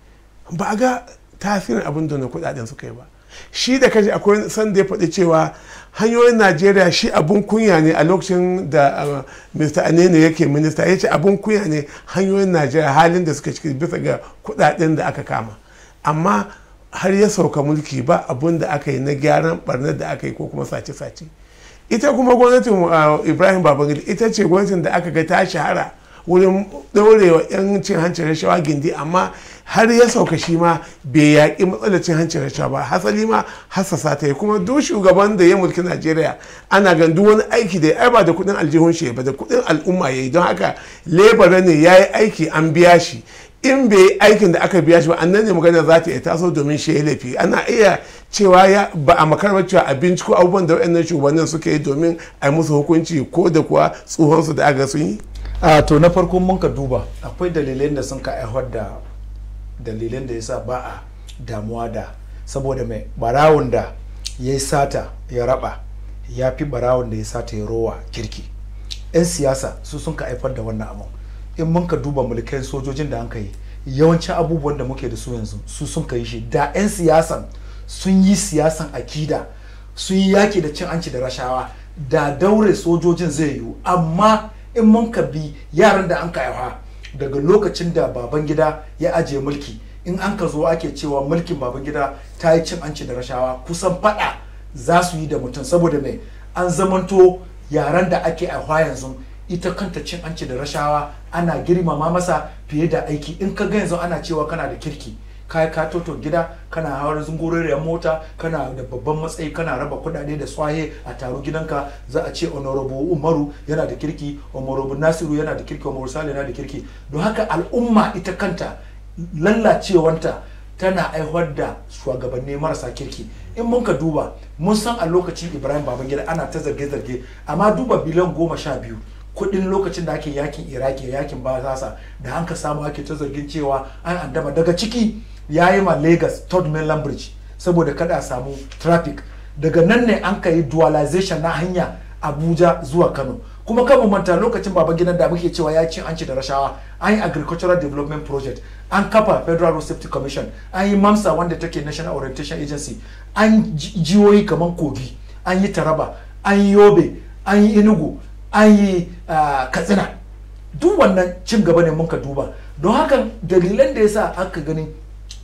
ba a ga tasirin abin da na kudaden suka yi ba shi da kashe akwai sanda ya faɗi cewa hanyoyin najeriya shi abun kunya ne a lokacin da uh, mr anene yake minista ya ce abun kunya ne hanyoyin najeriya halin da suka ciki bisa ga kudaden da aka kama amma har ya sauka mulki ba abun da aka yi na gyaran barnar da aka yi ko kuma sace-sace ita kuma gwamnatin uh, ibrahim babangida ita ce gwamnatin da aka ga ta shahara wurin ɗaurewa 'yan cin hancin rashawa gindi amma har ya sauka shi ma bai yaƙi matsalar cin hancin rashawa ba hasali ma hasasa ta yi kuma duk shugaban da ya mulki najeriya ana gandu wani aiki da ya ba da kudin aljihun shi ba da kudin al'umma ya yi don haka lebara ne ya yi aiki an biya shi in bai yi aikin da aka biya shi ba annan ne magana za ta iya taso domin shi ya laifi ana iya cewa ya ba a makarbar cewa a binciko abubuwan da wa'annan shugabannin suka yi domin a yi musu hukunci ko da kuwa tsohonsu da aka sun yi a to na farko mun ka duba akwai dalilai da sun ka aihuwar da dalilan da yasa ba a damuwa da saboda mai barawon da ya yi sata ya raba ya fi barawun da ya sata ya rowa kirki 'yan siyasa su sun ka haifar da wannan abun in mun ka duba mulkan sojojin da an kai yawancin abubuwan da muke da su yanzu su sun kai shi da 'yan siyasan sun yi siyasan akida sun yi yaki da cin anci da rashawa da daure sojojin zai yiwu amma in mun ka bi yaran da an ka daga lokacin da baban gida ya ajiye mulki in an ka zo ake cewa mulkin baban gida ta yi cin anci da rashawa kusan fada za su yi da mutum saboda mai an zamanto yaran da ake aihuwa yanzu ita kanta cin anci da rashawa ana girmama masa fiye da aiki in ka ga yanzu ana cewa kana da kirki ka ka toto gida kana hawar zunguriyar mota kana da babban matsayi kana raba kudade da tsaye a taro gidanka za a ce honorable umaru yana da kirki honorable nasiru yana da kirki honorable sale yana da kirki don haka al'umma ita kanta lallacewanta tana aihuwar da shugabanni marasa kirki in mun ka duba mun san a lokacin ibrahim babangida ana ta zarge-zarge amma duba biliyan goma sha biyu kudin lokacin da ake yakin iraki yakin basasa da an ka samu ake ta zargin cewa an andama daga ciki ya yi ma lagos third mainland bridge saboda kada a samu traffic daga nan ne an ka yi dualization na hanya abuja zuwa kano kuma kan manta lokacin baba gidan da muke cewa ya ci an ci da rashawa an yi agricultural development project an kafa federal road safety commission an yi mamsa wanda take national orientation agency an jihohi kamar kogi an yi taraba an yi yobe an yi Inugu. an yi katsina duk wannan cin gaba ne muka duba don haka dalilan da yasa aka ganin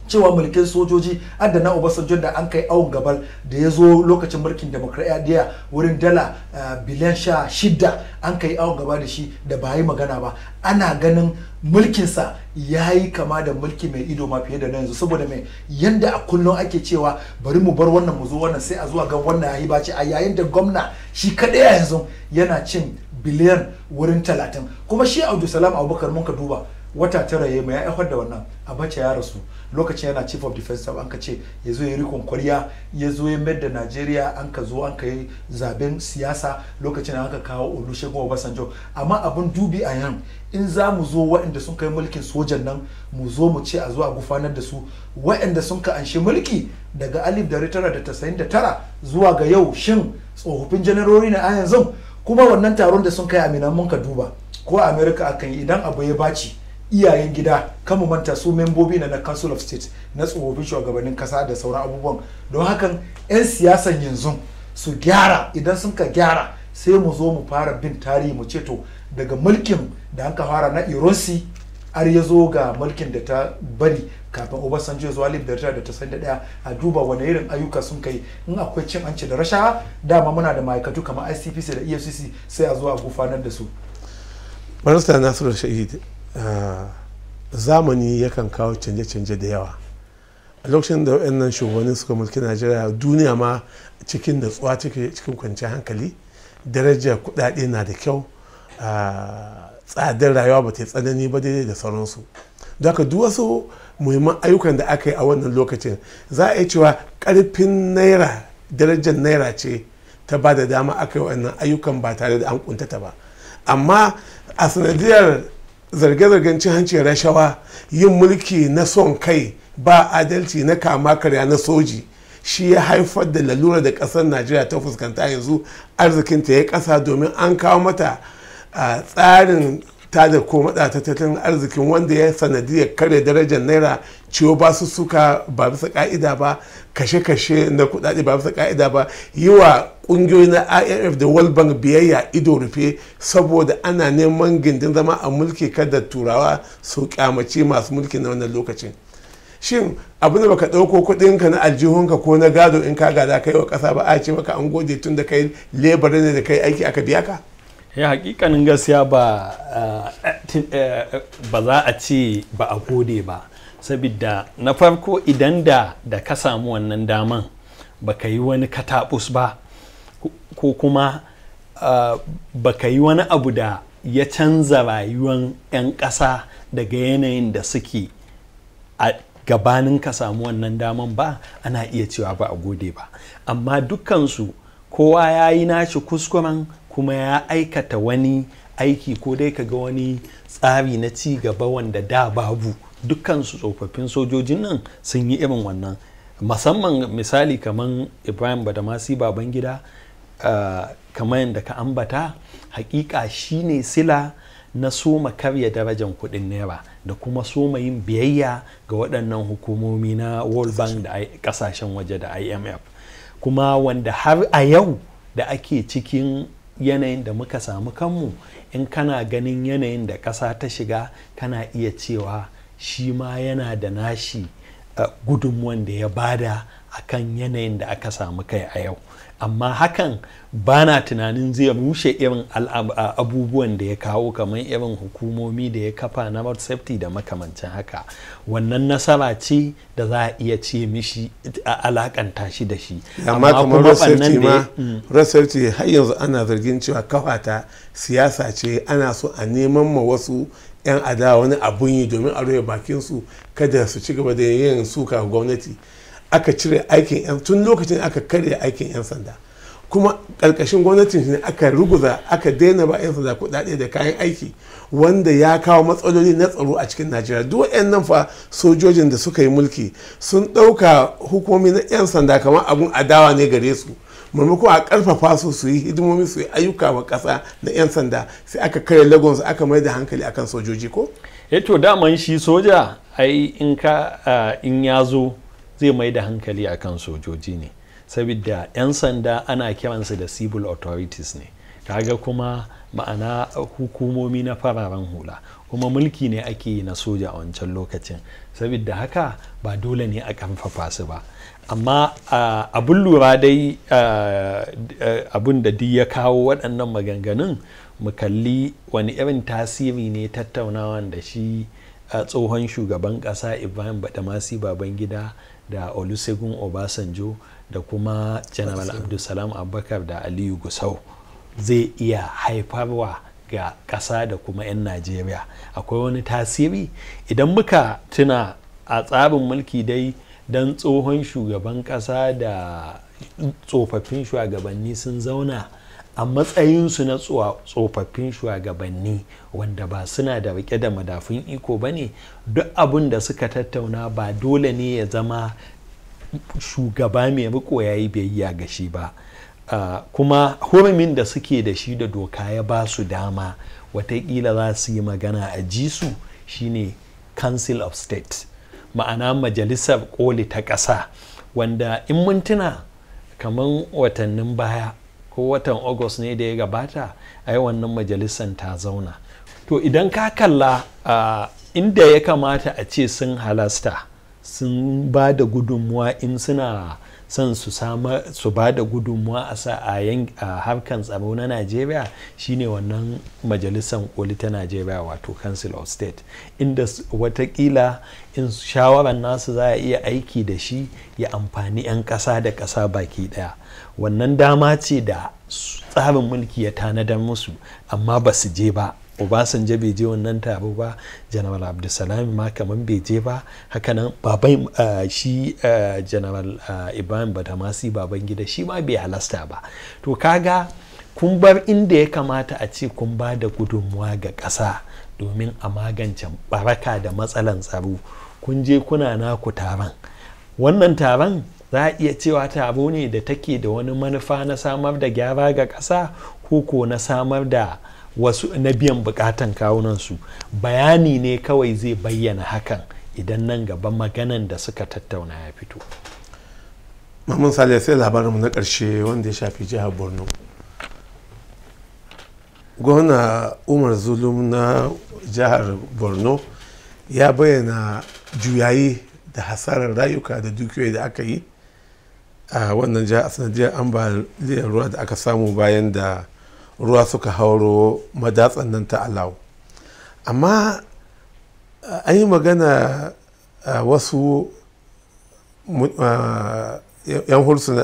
cewa mulkin sojoji adana obasanjo da an kai awon gabal da ya zo lokacin mulkin demokradiyya wurin dala eh, biliyan sha shidda an kai awon gaba da shi da ba yi magana ba ana ganin mulkinsa ya yi kama da mulki mai ido ma fiye da na yanzu saboda mai yadda a kullum ake cewa bari mu bar wannan mu zo wannan sai a zuwa ga wannan yayi ba bace a yayin da gwamna shi kaɗai a yanzu yana cin biliyan wurin talatin kuma shi abdulsalam abubakar mun ka duba wata tara ya yi mai ya da wannan a bace ya rasu lokacin yana chief of defense staff an ka ce ya zo ya rikon kwarya ya zo ya mayar da najeriya an ka zo an ka yi zaben siyasa lokacin an ka kawo olusegun obasanjo amma abun dubi a yan in za mu zo waɗanda sun kai mulkin sojan nan mu zo mu ce a zo a gufanar da su waɗanda sun ka anshi mulki daga alif da tara da tasa'in da tara zuwa ga yau shin tsofaffin janarori na a yanzu kuma wannan taron da sun kai aminan mun ka duba ko a america akan idan abu ya baci iyayen gida kan manta su membobi na na council of state na tsohobin shugabannin kasa da sauran abubuwan don hakan 'yan siyasan yanzu su gyara idan sun ka gyara sai mu zo mu fara bin tarihi mu ce to daga mulkin da an fara na irosi har ya zo ga mulkin da ta bari kafin obasanjo zuwa da da tasan da daya a duba wani irin ayyuka sun kai in akwai cin hanci da rasha dama muna da ma'aikatu kamar icpc da efcc sai a zo a gufanar da su barista nasiru shahid Eh, zamani yakan kawo canje-canje da yawa a lokacin da waɗannan shugabanni suka mulki najeriya duniya ma cikin da tsuwa cikin kwanciyar hankali Daraja kuɗaɗe na da kyau eh, tsadar rayuwa ba ta yi tsanani ba daidai da sauransu Da haka duk wasu muhimman ayyukan da aka yi a wannan lokacin za a yi cewa karfin naira darajar naira ce ta ba da dama aka yi wannan ayyukan ba tare da an kuntata ba amma a sanadiyar zarge-zargen cin hanci rashawa yin mulki na son kai ba adalci na kama karya na soji shi ya haifar da lalura da kasar najeriya ta fuskanta yanzu arzikinta ya kasa domin an kawo mata tsarin tada ko matsa tattalin arzikin wanda ya sanadiyar karya darajar naira ciwo ba su suka ba bisa ka'ida ba kashe-kashe na kudade ba bisa ka'ida ba yi wa kungiyoyi na imf da world bank biyayya ido rufe saboda ana neman gindin zama a mulki kada turawa su kyamaci masu mulki na wannan lokacin shin abin da baka ɗauko kuɗinka na aljihunka ko na gado in ka gada kai wa ƙasa ba a ce maka an gode tun da kai lebar ne da kai aiki aka biya ka ya eh, hakikanin gaskiya ba eh, eh, ba za a ce ba a gode ba saboda na farko idan da da ka samu wannan daman baka yi wani katabus ba ko kuma uh, baka yi wani abu da ya canza rayuwan 'yan ƙasa daga yanayin da suke a gabanin ka samu wannan daman ba ana iya cewa ba a gode ba amma dukkansu kowa ya yi nashi kuskuren kuma ya aikata wani aiki ko dai ka ga wani tsari na ci gaba wanda da babu dukkansu tsofaffin sojojin nan sun yi irin wannan musamman misali kamar ibrahim badamasi baban gida ah, kamar yadda ka ambata hakika shine sila na soma karya darajar kudin naira da kuma soma yin biyayya ga waɗannan hukumomi na world bank da kasashen waje da imf kuma wanda har a yau da ake cikin yanayin da muka samu kanmu in kana ganin yanayin da ƙasa ta shiga kana iya cewa shi ma yana da nashi gudunmuwan da ya bada a kan yanayin da aka samu kai a yau amma hakan ba na tunanin zai rushe irin abubuwan da ya kawo kamar irin hukumomi da ya kafa na safety da makamancin haka wannan nasara ce da za a iya ce mishi a alakanta shi da shi amma kamar road ma mm. har yanzu ana zargin cewa kafata siyasa ce ana so a neman ma wasu 'yan adawa wani abun yi domin a rufe bakin su kada su ci gaba da yin suka gwamnati aka cire aikin 'yan tun lokacin aka karya aikin 'yan sanda kuma karkashin gwamnatin shi ne aka ruguza aka daina ba 'yan sanda kuɗaɗe da kayan aiki wanda ya kawo matsaloli na tsaro a cikin najeriya duk nan fa sojojin da suka yi mulki sun ɗauka hukumomi na 'yan sanda kamar abun adawa ne gare su maimako a karfafa su su yi hidimomi su yi ayyuka wa kasa na 'yan sanda sai aka kare lagos aka mai da hankali akan sojoji ko ya eh to daman shi soja ai in ka in ya zo zai mai da hankali akan sojoji ne saboda 'yan sanda ana kiransu da civil authorities ne kaga kuma ma'ana hukumomi na fararen hula kuma mulki ne ake yi na soja a wancan lokacin saboda haka ba dole ne a kamfafa su ba amma abun lura dai abun da duk ya kawo waɗannan maganganun mu kalli wani irin tasiri ne tattaunawa da shi tsohon shugaban ƙasa ibrahim batamasi babangida da olusegun obasanjo da kuma general abdulsalam abubakar da aliyu gusau zai iya haifarwa ga ƙasa da kuma 'yan najeriya akwai wani tasiri idan muka tuna a tsarin mulki dai don tsohon shugaban kasa da tsofaffin shugabanni sun zauna a matsayinsu na tsofaffin shugabanni wanda ba suna da rike da madafun iko ba ne duk abin da suka tattauna ba dole ne ya zama shugaba mai riko ya yi biyayya ga shi ba kuma hurumin da suke da shi da doka ya ba su dama watakila za su yi magana a jisu shine council of state ma'ana majalisar koli ta ƙasa wanda in mun tuna kamar watannin baya ko watan august ne da ya gabata a yi wannan majalisar ta zauna to idan ka kalla uh, inda ya kamata a ce sun halasta sun ba da gudunmuwa in suna son su su ba da gudunmuwa a sa a harkan tsaro na najeriya shine wannan majalisar koli ta najeriya wato council of state inda watakila in shawarar nasu za a iya aiki da shi ya amfani 'yan kasa da kasa baki daya wannan dama ce da tsarin mulki ya tanadar musu amma ba su je ba obasanjo bai je wannan taro ba general abdulsalami ma kamar bai je ba hakanan baban shi general ibrahim batamasi baban gida shi ma bai halasta ba to kaga kun bar inda ya kamata a ce kun ba da gudunmuwa ga ƙasa domin a magance baraka da matsalan tsaro kun je kuna naku taron wannan taron za a iya cewa taro ne da take da wani manufa na samar da gyara ga ƙasa ko ko na samar da wasu na biyan bukatan kawunansu bayani ne kawai zai bayyana hakan idan nan gaba maganan da suka tattauna ya fito mamun saliya sai labarinmu na ƙarshe wanda ya shafi jihar borno gwamna umar zulum na jihar borno ya bayyana juyayi da hasarar rayuka da dukiyoyi da aka yi a wannan jihar sanadiyar ambaliyar ruwa da aka samu bayan da ruwa suka hauro madatsan nan ta alawu amma eh, an yi magana eh, wasu eh, yan hulsu na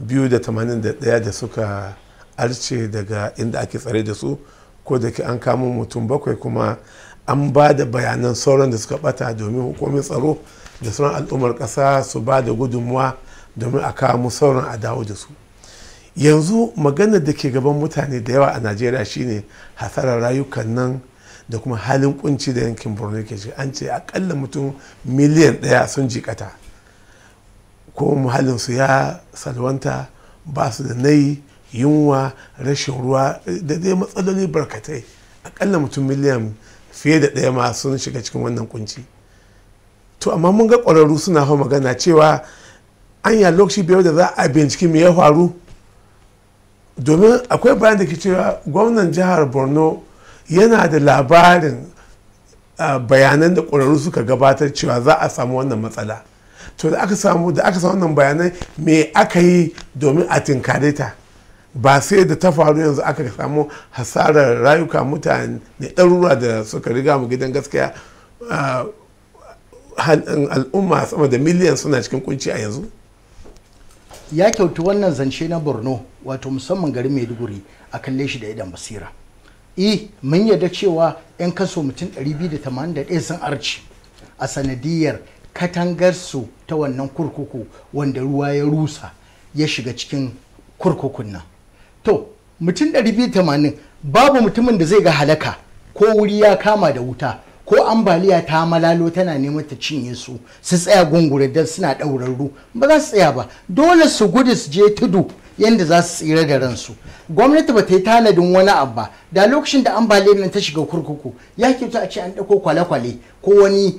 281 da suka arce daga inda ake tsare da su ko da ke an kamo mutum bakwai kuma an ba da bayanan sauran da suka bata domin hukumin tsaro da sauran al'ummar ƙasa su ba da gudunmuwa domin a kamo sauran a dawo da su yanzu maganar da ke gaban mutane da yawa a najeriya shine hasarar rayukan nan da kuma halin kunci da yankin borno ke shi an ce akalla mutum miliyan daya sun jikata ko muhallinsu ya salwanta ba su da nayi yunwa rashin ruwa da dai matsaloli barkatai akalla mutum miliyan fiye da ɗaya ma sun shiga cikin wannan kunci to amma mun ga ƙwararru suna hau magana cewa an ya lokaci biyar da za a binciki me ya faru domin akwai bayan da ke cewa gwamnan jihar borno yana da labarin bayanan da ƙwararru suka gabatar cewa za a samu wannan matsala to da aka samu da aka samu wannan bayanai me aka yi domin a tinkare ta ba sai da ta faru yanzu aka samu hasarar rayuka mutane ɗarura da suka riga mu gidan gaskiya al'umma sama da miliyan suna cikin kunci a yanzu ya kyautu wannan zance na borno wato musamman garin maiduguri a kalle shi da idan basira e mun yarda cewa 'yan kaso mutum 281 sun arci a sanadiyar katangarsu ta wannan kurkuku wanda ruwa ya rusa ya shiga cikin kurkukun nan to mutum 280 babu mutumin da zai ga halaka ko wuri ya kama da wuta ko ambaliya ta malalo tana neman ta cinye su su tsaya gungure don suna ɗaurarru ba za su tsaya ba dole su gudu su je tudu yadda za su tsira da ransu gwamnati ba ta yi tanadin wani abu ba da lokacin da ambaliyar nan ta shiga kurkuku ya kyauta a ce an ɗauko kwale-kwale ko wani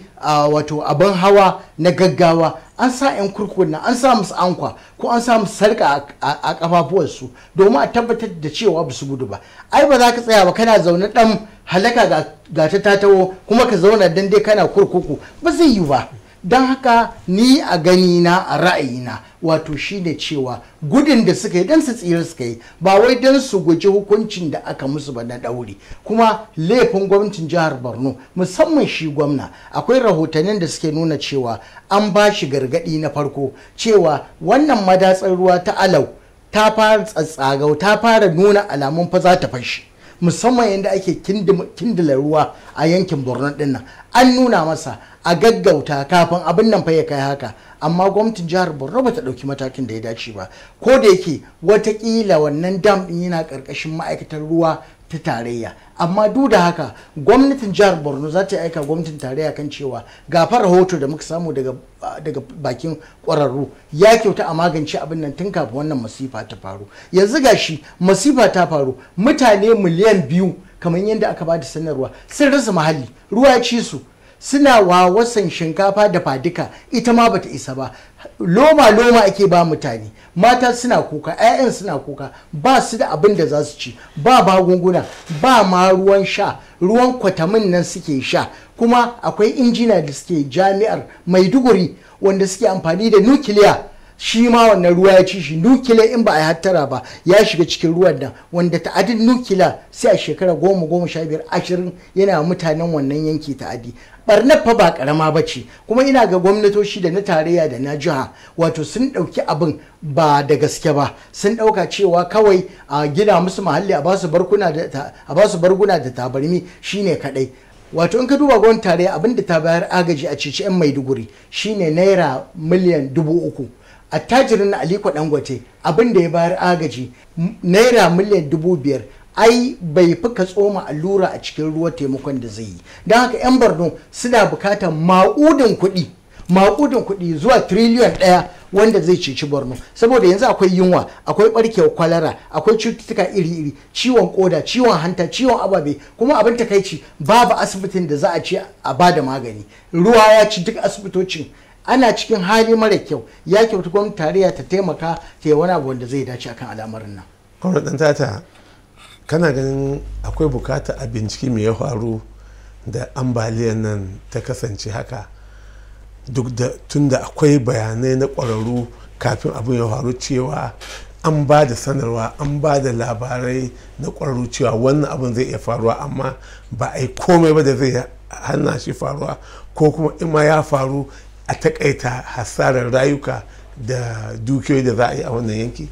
wato abin hawa na gaggawa an sa 'yan kurkuku na an sa musu ankwa ko an sa musu sarka a kafafuwarsu domin a tabbatar da cewa ba su gudu ba ai ba za ka tsaya ba kana zaune ɗan halaka ga gata ta tawo kuma ka zauna don dai kana kurkuku ba zai yi ba don haka ni a gani na a ra'ayi na wato shine cewa gudun da suka yi don su tsira suka yi ba wai dan su guji hukuncin da aka musu ba na ɗauri kuma laifin gwamnatin jihar borno musamman shi gwamna akwai rahotannin da suke nuna cewa an ba shi gargaɗi na farko cewa wannan madatsar ruwa ta alau ta fara tsatsagau ta fara nuna alamun fa za ta fashe. musamman yadda ake kindila ruwa a yankin borno din an nuna masa a gaggauta kafin abin nan fa ya kai haka amma gwamnatin jihar borno bata ɗauki matakin da ya dace ba ko da yake watakila wannan dam ɗin yana ƙarƙashin ma'aikatar ruwa ta tarayya amma duk da haka gwamnatin jihar borno za ta aika gwamnatin tarayya kan cewa gafar rahoto da muka samu daga bakin kwararru ya kyauta a magance abin nan tun kafin wannan masifa ta faru yanzu gashi masifa ta faru mutane miliyan biyu kamar yadda aka bada sanarwa sun rasa muhalli ruwa ya ci su suna wa wasan shinkafa da fadika ita ma bata isa ba loma loma ake ba mutane mata suna kuka 'ya'yan suna kuka ba su da abin da za su ci ba magunguna ba ma ruwan sha ruwan kwatamin nan suke sha kuma akwai injina da suke jami'ar maiduguri wanda suke amfani da nukiliya shi ma wannan ruwa ya ci shi nukiliya in ba a yi hattara ba ya shiga cikin ruwan nan wanda ta'adin nukiliya sai a shekara goma goma sha biyar ashirin yana mutanen wannan yanki ta'adi barnar fa ba karama ba ce kuma ina ga gwamnatoci da na tarayya da na jiha wato sun ɗauki abin ba da gaske ba sun ɗauka cewa kawai a gina musu muhalli a basu barguna da tabarmi shine kaɗai wato in ka duba gwamnati tarayya abin da ta bayar agaji a cece 'yan maiduguri shine naira miliyan dubu uku attajirin na aliko dangote abin da ya bayar agaji naira miliyan dubu biyar ai bai fi ka tsoma allura a cikin ruwa taimakon da zai yi don haka 'yan borno suna bukatar ma'udin kuɗi ma'udin kuɗi zuwa triliyon ɗaya wanda zai cici borno saboda yanzu akwai yunwa akwai ɓarkewar kwalara akwai cututtuka iri-iri ciwon koda ciwon hanta ciwon ababe kuma abin takaici babu asibitin da za a ce a ba da magani ruwa ya ci duk asibitocin ana cikin hali mara kyau ya kyautu gwamnati tarayya ta taimaka ta yi wani abu wanda zai dace akan al'amarin nan kwamnat ɗan tata kana ganin akwai bukata a bincike mai ya faru da ambaliyar nan ta kasance haka duk da tunda akwai bayanai na ƙwararru kafin abin ya faru cewa an ba da sanarwa an ba da labarai na ƙwararru cewa wannan abin zai iya faruwa amma ba a yi komai ba da zai hana shi faruwa ko kuma in ma ya faru a takaita hasarar rayuka da dukiyoyi da za a yi a wannan yanki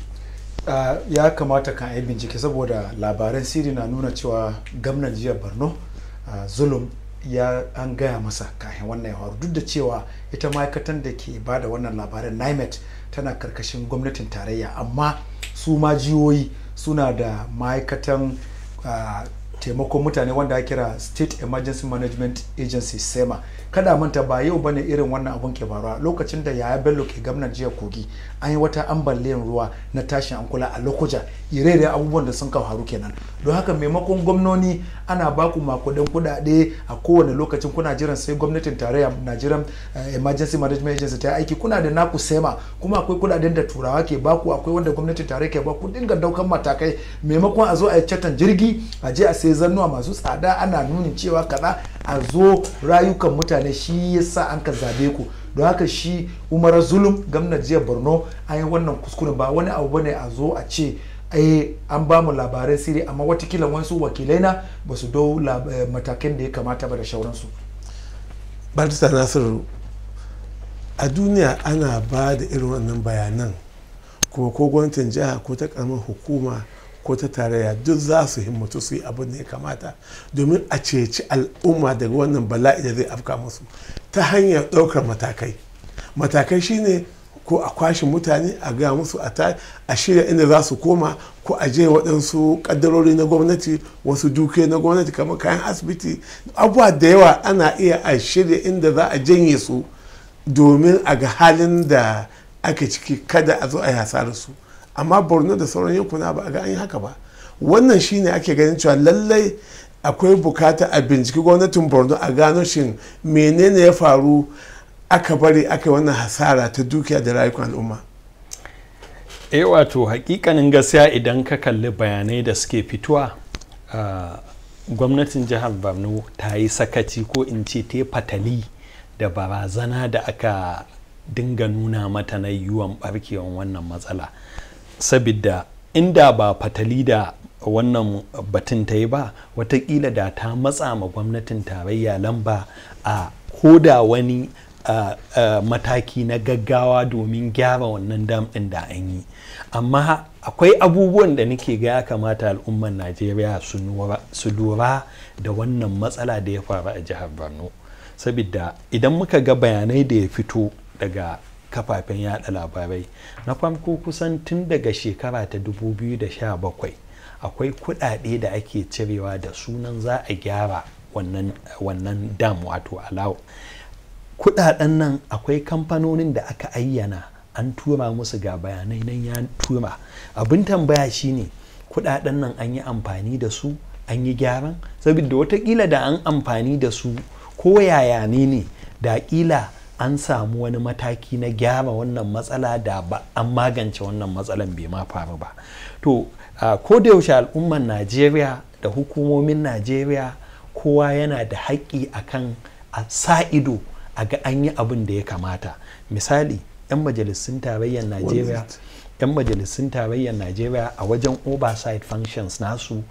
ya kamata kan yi bincike saboda labaran siri na nuna cewa gamnan jiyar borno zulum ya an gaya masa kayan wannan ya duk da cewa ita ma'aikatan da ke ba da wannan labarin nimet tana karkashin gwamnatin tarayya amma su ma jihohi suna da ma'aikatan taimakon mutane wanda kira state emergency management agency sema kada manta ba yau bane irin wannan abun ke faruwa lokacin da yaya bello ke gamnar jiya kogi an yi wata ambaliyar ruwa na tashin ankula a lokuja irere abubuwan da sun kawo haru kenan don haka maimakon gwamnoni ana baku makudan kudade a kowane lokacin kuna jiran sai gwamnatin tarayya najeriya eh, emergency management agency ta aiki kuna da naku sema kuma akwai kudaden da turawa ke baku akwai wanda gwamnatin tarayya ke ba ku dinga daukan matakai maimakon a zo a yi catan jirgi a je a sai sai zannuwa masu tsada ana nunin cewa kaza a zo rayukan mutane shi yasa an ka zabe ku don haka shi umar zulum gamnar jiya borno an yi wannan kuskure ba wani abu bane a zo a ce ai eh, an ba mu labaran sirri amma watakila wasu wakilai na ba su dau eh, matakan da ya kamata ba da shauransu barista nasiru a duniya ana ba da irin wannan bayanan kuma ko gwamnatin jiha ko ta karamar hukuma ko ta tarayya duk za su himmatu su yi abin da ya kamata domin a ceci al'umma daga wannan bala'i da zai afka musu ta hanyar ɗaukar matakai matakai shine ko a kwashe mutane a ga musu a shirya inda za su koma ko a je waɗansu ƙaddarori na gwamnati wasu duke na gwamnati kamar kayan asibiti abubuwa da yawa ana iya a shirya inda za a janye su domin a ga halin da ake ciki kada a zo a yi su. amma borno da sauran yankuna ba a ga an haka ba wannan shine ake ganin cewa lallai akwai bukata a binciki gwamnatin borno a gano shin menene ya faru aka bari aka yi wannan hasara ta dukiya da rayukan al'umma e wato hakikanin gaskiya idan ka kalli bayanai da suke fitowa gwamnatin jihar borno ta yi sakaci ko in ce ta fatali da barazana da aka dinga nuna mata na yiwuwan barkewan wannan matsala sabidda inda ba fatali da wannan batun ta yi ba watakila da ta matsa ma gwamnatin tarayya lamba a koda wani mataki na gaggawa domin gyara wannan dam ɗin da an yi amma akwai abubuwan da nake ga ya kamata al'umman najeriya su lura da wannan matsala da ya faru a jihar borno saboda idan muka ga bayanai da ya fito daga kafafen yada labarai na farko kusan tun daga shekara ta 2017 akwai kudade da ake cirewa da sunan za a gyara wannan dam wato alawa kudaden nan akwai kamfanonin da aka ayyana an tura musu ga bayanai nan ya tura abin tambaya shine kudaden nan an yi amfani da su an yi gyaran saboda watakila da an amfani da su ko yaya ne ne da kila an samu wani mataki na gyara wannan matsala da ba an magance wannan matsalan bai ma faru ba to ko da yaushe al'umman najeriya da hukumomin najeriya kowa yana da haƙƙi akan a sa ido a ga an yi abin da ya kamata misali 'yan majalisun tarayyar najeriya 'yan majalisun tarayyar najeriya a wajen oversight functions nasu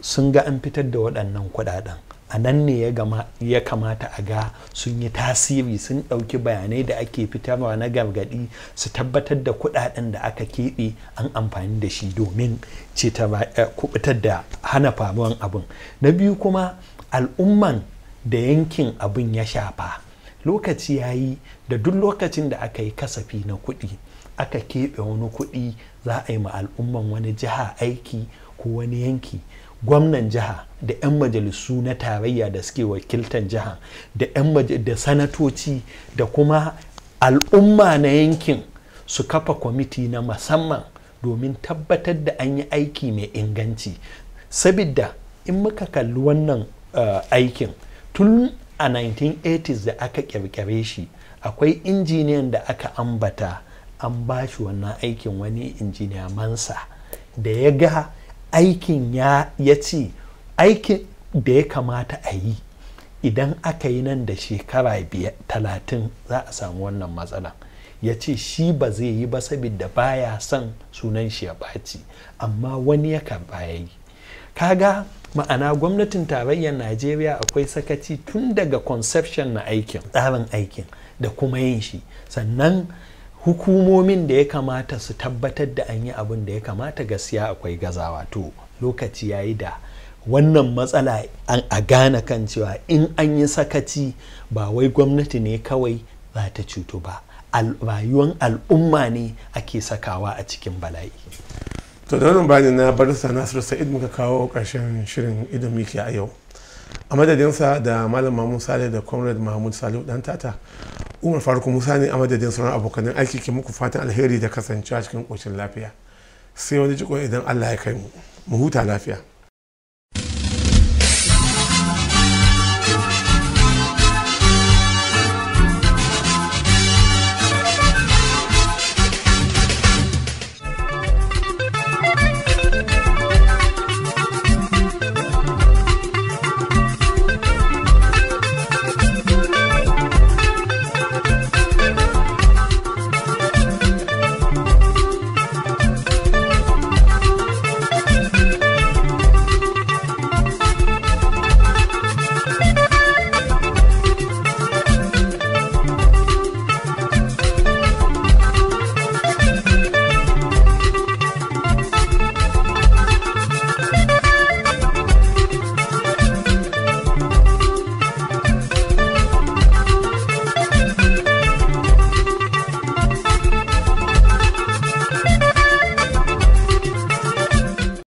sun ga an fitar da waɗannan kuɗaɗen a nan ne ya kamata a ga sun yi tasiri sun ɗauki bayanai da ake fitarwa na gargaɗi su tabbatar da kuɗaɗen da aka keɓe an amfani da shi domin ce ta eh, kubutar da hana faruwan abin na biyu kuma al'umman da yankin abin ya shafa lokaci ya yi da duk lokacin da aka yi kasafi na kuɗi aka keɓe wani kuɗi za a yi ma al'umman wani jiha aiki ko wani yanki gwamnan jiha da 'yan majalisu na tarayya da suke wakiltan jiha da 'yan da sanatoci da kuma al'umma na yankin su kafa kwamiti na musamman domin tabbatar da an yi aiki mai inganci sabidda in muka kalli wannan eh, aikin tun a 1980s da aka kirkire shi akwai injiniyan da aka ambata an ba shi wannan aikin wani injiniya mansa da ya ga aikin ya ce aikin da ya kamata a yi idan aka yi nan da shekara talatin za a samu wannan matsalan ya ce shi ba zai yi ba saboda baya son sunan shi ya ɓaci amma wani ya karɓa ya yi kaga ma'ana gwamnatin tarayyar najeriya akwai sakaci tun daga conception na aikin tsarin aikin da kuma yin shi sannan hukumomin da ya kamata su tabbatar da an yi abin da ya kamata gaskiya akwai gazawa to lokaci ya yi da wannan matsala a gane kan cewa in an yi sakaci ba wai gwamnati ne kawai za ta cutu ba rayuwan al'umma ne ake sakawa a cikin bala'i to da wannan bayanin na bar sa nasiru sa'id muka kawo karshen shirin idan miki a yau a madadinsa da malam mamun sale da comrade mahmud salihu dan tata umar faruk musa ne a madadin sauran abokanin aiki ke muku fatan alheri da kasancewa cikin koshin lafiya sai wani jiko idan allah ya kai mu mu huta lafiya